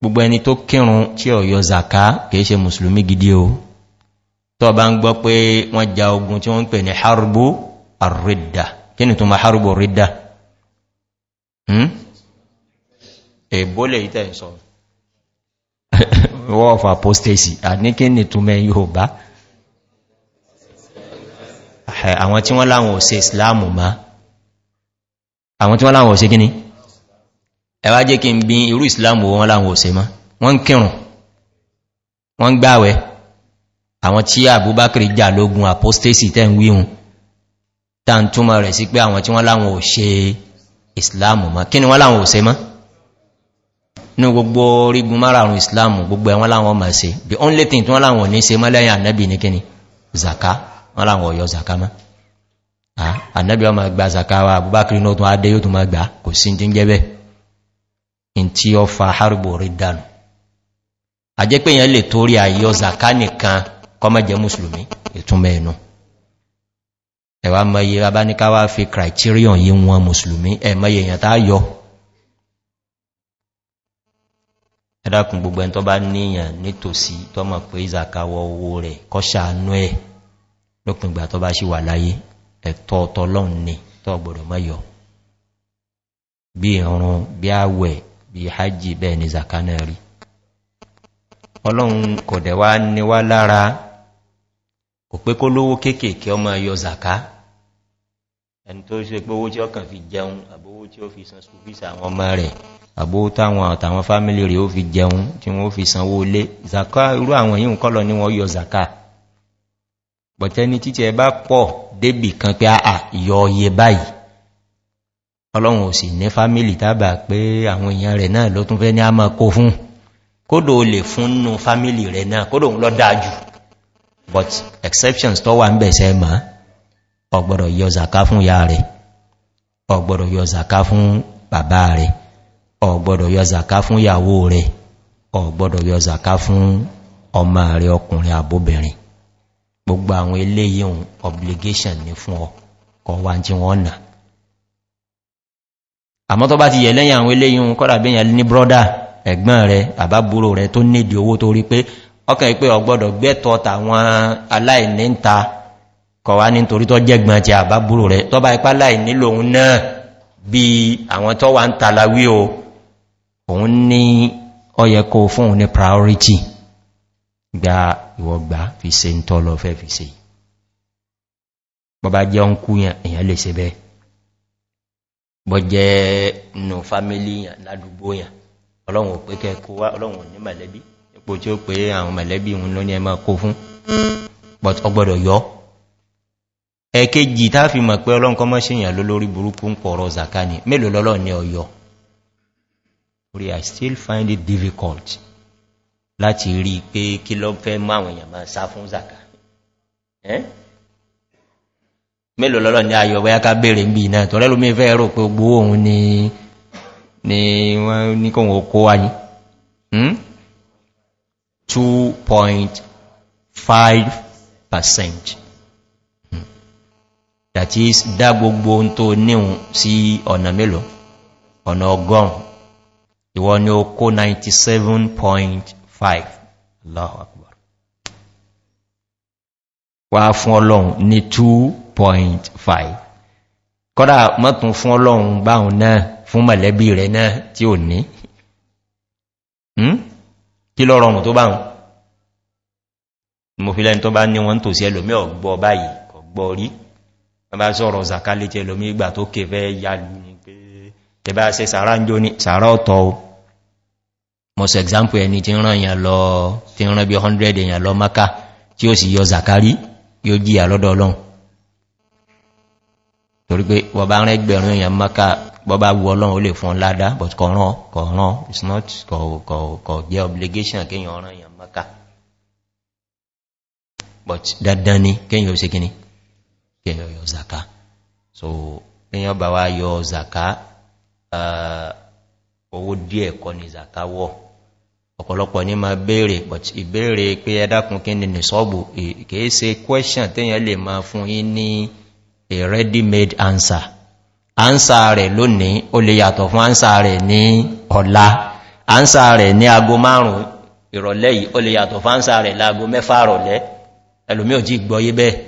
gbogbo ẹni tó kírun tí ó yọ zaka kìí ṣe musulmi gidi o tó bá ń gbọ́ pé wọ́n ja ogun tí wọ́n ń pè ní harbo arida kíni tó ma harbo rida hmm? èbó lè yí tẹ́ ìsọ̀rọ̀ wọ́n of apostasy àníkíni tó mẹ́ yóò bá àwọn tí wọ́n láwọn òsè islamu ma àwọn tí wọ́n láwọn òsè gíní ẹwà jẹ́ kí n bí irú islamu wọ́n láwọn òsè ma wọ́n kírùn wọ́n gbáwẹ́ àwọn tí àbúbákìrí jà lógún apostasy tẹ́ ń wíhun tá ń túnmọ̀ rẹ̀ sí pé àwọn tí wọ́n láwọn òsè islamu ma kí ni wọ́n láwọn òsè ma ní gbogbo orígun márààrùn islamu gbogbo ẹ̀wọ́n láwọn ma se the only thing tí wọ́n láwọn ò ní se mọ́ lẹ́yìn ànẹ́bì ní kíni zaka wọ́n láwọn ọ̀yọ́ zakama ànábí ọmọ gba wa abúbákiri náà tún adé yóò tún ma gbà kò sí tí ń jẹ́ bẹ́ in tí ó fa harbo rí dànù àjẹ́ pé yẹn lè torí àyọ zaka nìkan kọmọ́jẹ́ musulmi ìtúnmẹ́ inú ẹ̀wà mọ́yí abáníkáwà fi ẹ̀ lópin ìgbà tó bá ṣe wà láyé ẹ̀tọ́ ọ̀tọ́lọ́un ni tó gbọdọ̀ mọ́yọ bí ìrun bí àwẹ̀ bí hajji bẹ́ẹ̀ ni zakana rí ọlọ́run kò dẹ̀wà níwá lára kò pé kó lówó kéèkèé ọmọ yọ zaka ẹni tó ṣe pé owó tí ọkàn fi jẹun àbówó tí ó fi san skúfíìsì àwọn ọmọ rẹ̀ àbówó táwọn àtàwọn fámílì rẹ̀ ó fi jẹun tí wọ́n fi sanwó lé zaka irú àwọn yíò kọ́lọ ní wọ́n yọ zaka pọ̀tẹ́ni títí ẹ bá pọ̀ débì kan pé àà ìyọ ọyẹ báyìí ọlọ́run ò sì ní fámílì tábà pé àwọn èèyàn rẹ̀ náà ló tún fẹ́ ní a máa kó fún kódò o lè fún nù fámílì rẹ̀ náà kódò ń lọ dájú but exceptions tó wà ń bẹ̀ẹ̀sẹ̀ mọ́ ọgbọ̀dọ̀ yọ zaka fún ya rẹ̀ ọgbọ̀dọ̀ yọ zaka fún bàbá rẹ̀ ọgbọ̀dọ̀ yọ zaka fún ìyàwó rẹ̀ ọgbọ̀dọ̀ yọ zaka fún ọmọ rẹ̀ ọkùnrin àbóbìnrin gbogbo àwọn eléyìí ohun obligation ní fún ọ kọ wá tí wọ́n nà àmọ́ tó bá ti yẹ̀ lẹ́yìn àwọn eléyìí ohun kọ́dà bí yẹn ní brọ́dà ẹ̀gbọ́n rẹ̀ àbábúrò rẹ̀ tó nídi owó tó rí pé ọkàn ìpé ọgbọ́dọ̀ gbẹ́tọ̀ tàwọn aláìní ń ta kọ̀ wá nítorí tó jẹ́gbọ́n ti àbábúrò rẹ̀ tó bá ipá láìní lòun náà bí àwọn tó wà ń tàlàwí o òun ní ọyẹ kó fún òun ní priority gba ìwọ̀gbà fi se ń tọ́lọ fẹ́ fi se bọ́bá jẹ́ ń kú yàn èyàn lè se bẹ́ẹ̀ bọ́ jẹ́ nù fámílì yàn ládùgbò yàn ọlọ́run ò pé kẹ́kọ́ wá ọlọ́run ní mẹ̀lẹ́bí ipò tí ó pé àwọn mẹ̀lẹ́bí òun ló ní ẹmọ́ kó fún but ọgbọ́dọ̀ yọ ẹ̀kejì tá fi mọ̀ pé ọlọ́run kọmọ́ sí èyàn lólórí burúkú ń pọ̀rọ̀ zakani mélòó lọ́lọ́ ní ọyọ we are still find it difficult láti rí pé kí lọ fẹ́ mọ́ àwọn èèyàn máa sá fún zaka mélòó lọ́lọ́ ní ayọ̀ bóyá ká bèèrè ń bí iná tó rẹ́lú mí fẹ́ pé gbó òun ni wọ́n ní kòhùn okó wáyí 2.5% that is dá gbogbo ohun tó níhun sí ọ̀nà mélòó ọ̀nà ọgọ́rùn-ún ìwọ ni ó kó 97. 5 Allahu Akbar Wa fún ọlọ́run ní 2.5 kọ́dá mọ́tún fún ọlọ́run báhùn náà fún mọ̀lẹ́bí rẹ̀ náà tí ò ní hmm? kí lọ to tó báhùn mo fi lẹ́ni tó bá ní wọn tó sí ẹlòmí ọgbọ́ báyìí ọgbọ́ rí wọ́n bá sọ́rọ̀ zàkálẹ̀ tí ẹlòmí ìgbà tó kè fẹ́ yà ní pé tẹbá sẹ́ sàárá ń jó ní sàárá ọ̀tọ̀ mọ̀sí example ẹni tí ràn yàn lọ tí ràn bí 100 èyàn lọ maka tí ó sì yọ zakari yóò jíyà lọ́dọ̀ ọlọ́run torí pé wọ́n rán ẹgbẹ̀rún èyàn maka bọ́bá wu ọlọ́run ó lè fún ládá but kọ̀rán kọ̀rán it's not kọ̀ jẹ́ obligation kíyàn ràn yàn maka but dandan ni kíyàn ó sí kíní kíyàn yọ so kíyàn bá wá yọ zaka ah, owó díẹ̀ kọ́ ni zaka ọ̀pọ̀lọpọ̀ ní ma béèrè but ìbéèrè pé ẹdákun kí ni ní sọ́bù kìí se question tíyàn lè ma fún yí ní a ready-made answer answer rẹ̀ lónìí ó lè yàtọ̀ fún answer rẹ̀ ní ọ̀la answer rẹ̀ ní ago márùn-ún ìrọ̀lẹ́ yìí ó lè yàtọ̀ fún answer rẹ̀ láago mẹ́fà rọ̀lẹ́ ẹlòmí ò jí gbọ́yé bẹ́ẹ̀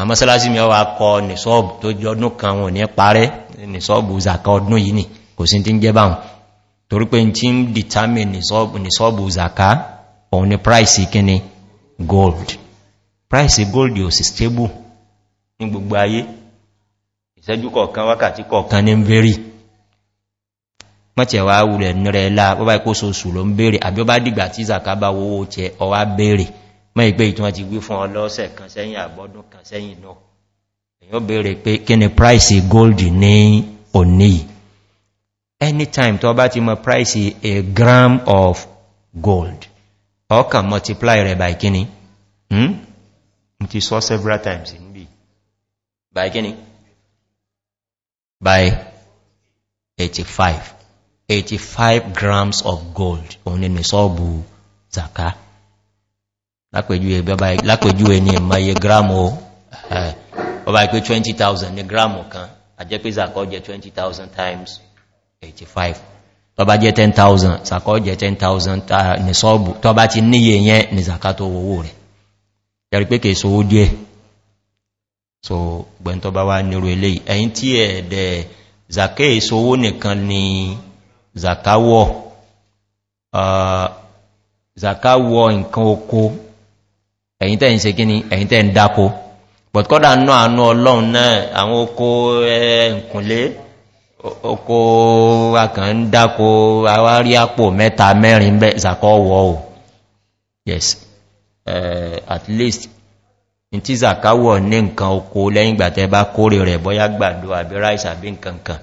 àmọ́sálásí mi ọwà kọ nìsọ́ọ̀bù tó jọdún kan wọn ní parẹ́ nìsọ́ọ̀bù zàkà ọdún yìí nì kò sí ti ń jẹ́ báhùn torí pé tí ń determine nìsọ́bù zaka òun ni price kíni gold price gold yóò sì stable ní gbogbo ayé ìṣẹ́jú kọ̀ọ̀kan wákàtí kọ̀ọ̀kan ní ń vary mọ́tẹ̀wà wùlẹ̀ nírẹ̀ lá bọ́bá ikó sóòsù ló ń bèèrè àbí ọba dìgbà tí zaka bá wówó tẹ ọwá bèèrè mọ́ ìgbé ìtún ti gbé fún ọlọ́ọ̀sẹ̀ kan sẹ́yìn àbọ́dún kan sẹ́yìn náà èyàn bèèrè pé kí ni price gold ní òní yìí anytime tó bá ti mọ price a gram of gold ọkà multiply rẹ̀ by kíní hmm? mo ti sọ several times in bí by kíní by 85 85 grams of gold òun ni sọ́ọ̀bù zaka lápẹjú ẹni ìmọye gramu ọba ìpé 20,000 ní gramu kan àjẹ́pẹ́ zaka ọjẹ́ 20,000 times 2 85 tọba jẹ́ 10,000 sàkọ́ jẹ́ 10,000 ní sọ́ọ̀bù tọba ti níye yẹn ní zakato owó rẹ̀ yàrí pé kèèso ó díẹ̀ so gbẹ̀n tọba wá nírò ilé ẹ̀yìn tí ẹ̀ẹ̀dẹ̀ zàkẹ́ èso owó nìkan ni zakawọ́ zakawọ́ nǹkan oko ẹ̀yìn tẹ́ ń se kíní ẹ̀yìn tẹ́ ń but kọ́dà náà àánú ọlọ́run náà àwọn oko ẹ̀ẹ̀kùnlé oko akàn ń dáko àwárí àpò mẹ́ta mẹ́rin bẹ́ ìsàkọ́wọ́ o yes uh, at least in tí ìsàkáwọ̀ ní nǹkan oko lẹ́yìn gbàtẹ́ bá kórè rẹ̀ bọ́yá gbàdó àbí rice àbí nǹkan kan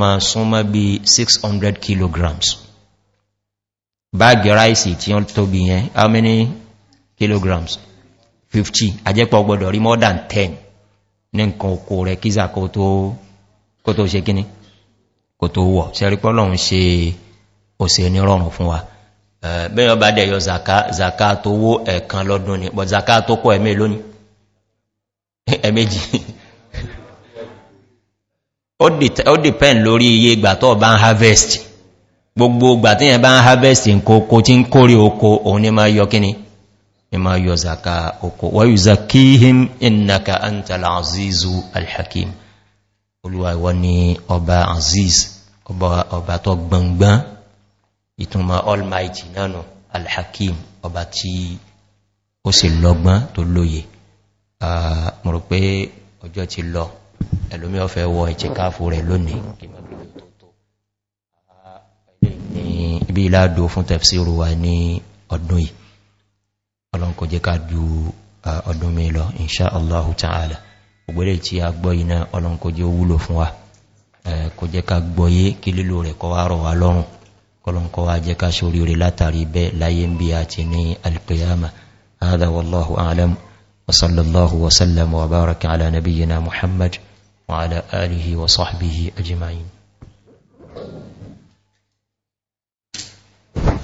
ma súnmọ́ bí 600 báàgì rice tí tóbi yẹn how many kilograms 50 ajẹ́pọ̀ rí more than 10 ní nǹkan oko rẹ̀ kí tó kò tó ṣe gíní kò tó wọ̀ sẹ́rípọ́ lọ́run ṣe òsè ní rọrùn fún wa bẹ́yàn bá dẹ̀ yọ zaka tó wó ẹ̀kan lọ́dún ni but zaka tó kọ́ ẹ̀mẹ́ lónìí ẹ̀mẹ́jì ó dìpẹ́n lórí iye ìgbà tó bá ń harvest gbogbo ìgbà tí yẹn bá ń harvest nkókó tí ń kórè oko òun ni máa yọ kíní ni máa yọ zaka oko wáyù zakihim innaka antala azizu alhakim olúwàwọ́ ni ọba aziz ọba tó gbọngbọ́n ìtumọ̀ almighty náà alhakim ọba tí ó sì lọ́gbọ́n tó lóye mọ̀rọ̀ pé ọjọ́ ti lọ ẹlòmí ọ̀fẹ́ wọ ìtìkáfò rẹ̀ lónìí ibi ìlàdó fún tẹ̀fṣírò wà ní ọdún yìí ọlọ́nkọ̀ jẹ́ ká ju ọdún mi lọ inṣá allahu ta'ala ògbèrè tí a gbọ́ iná ọlọ́nkọjẹ́ wúlò fún wa kò jẹ́ ká gbọ́yé kí lílò rẹ̀ kọ́ wá rọ̀ wá lọ́rùn kọlọ́nkọ́ wá jẹ́ ká sórí rẹ̀ látàrí bẹ́ láyé ń bí a ti ní alkiyama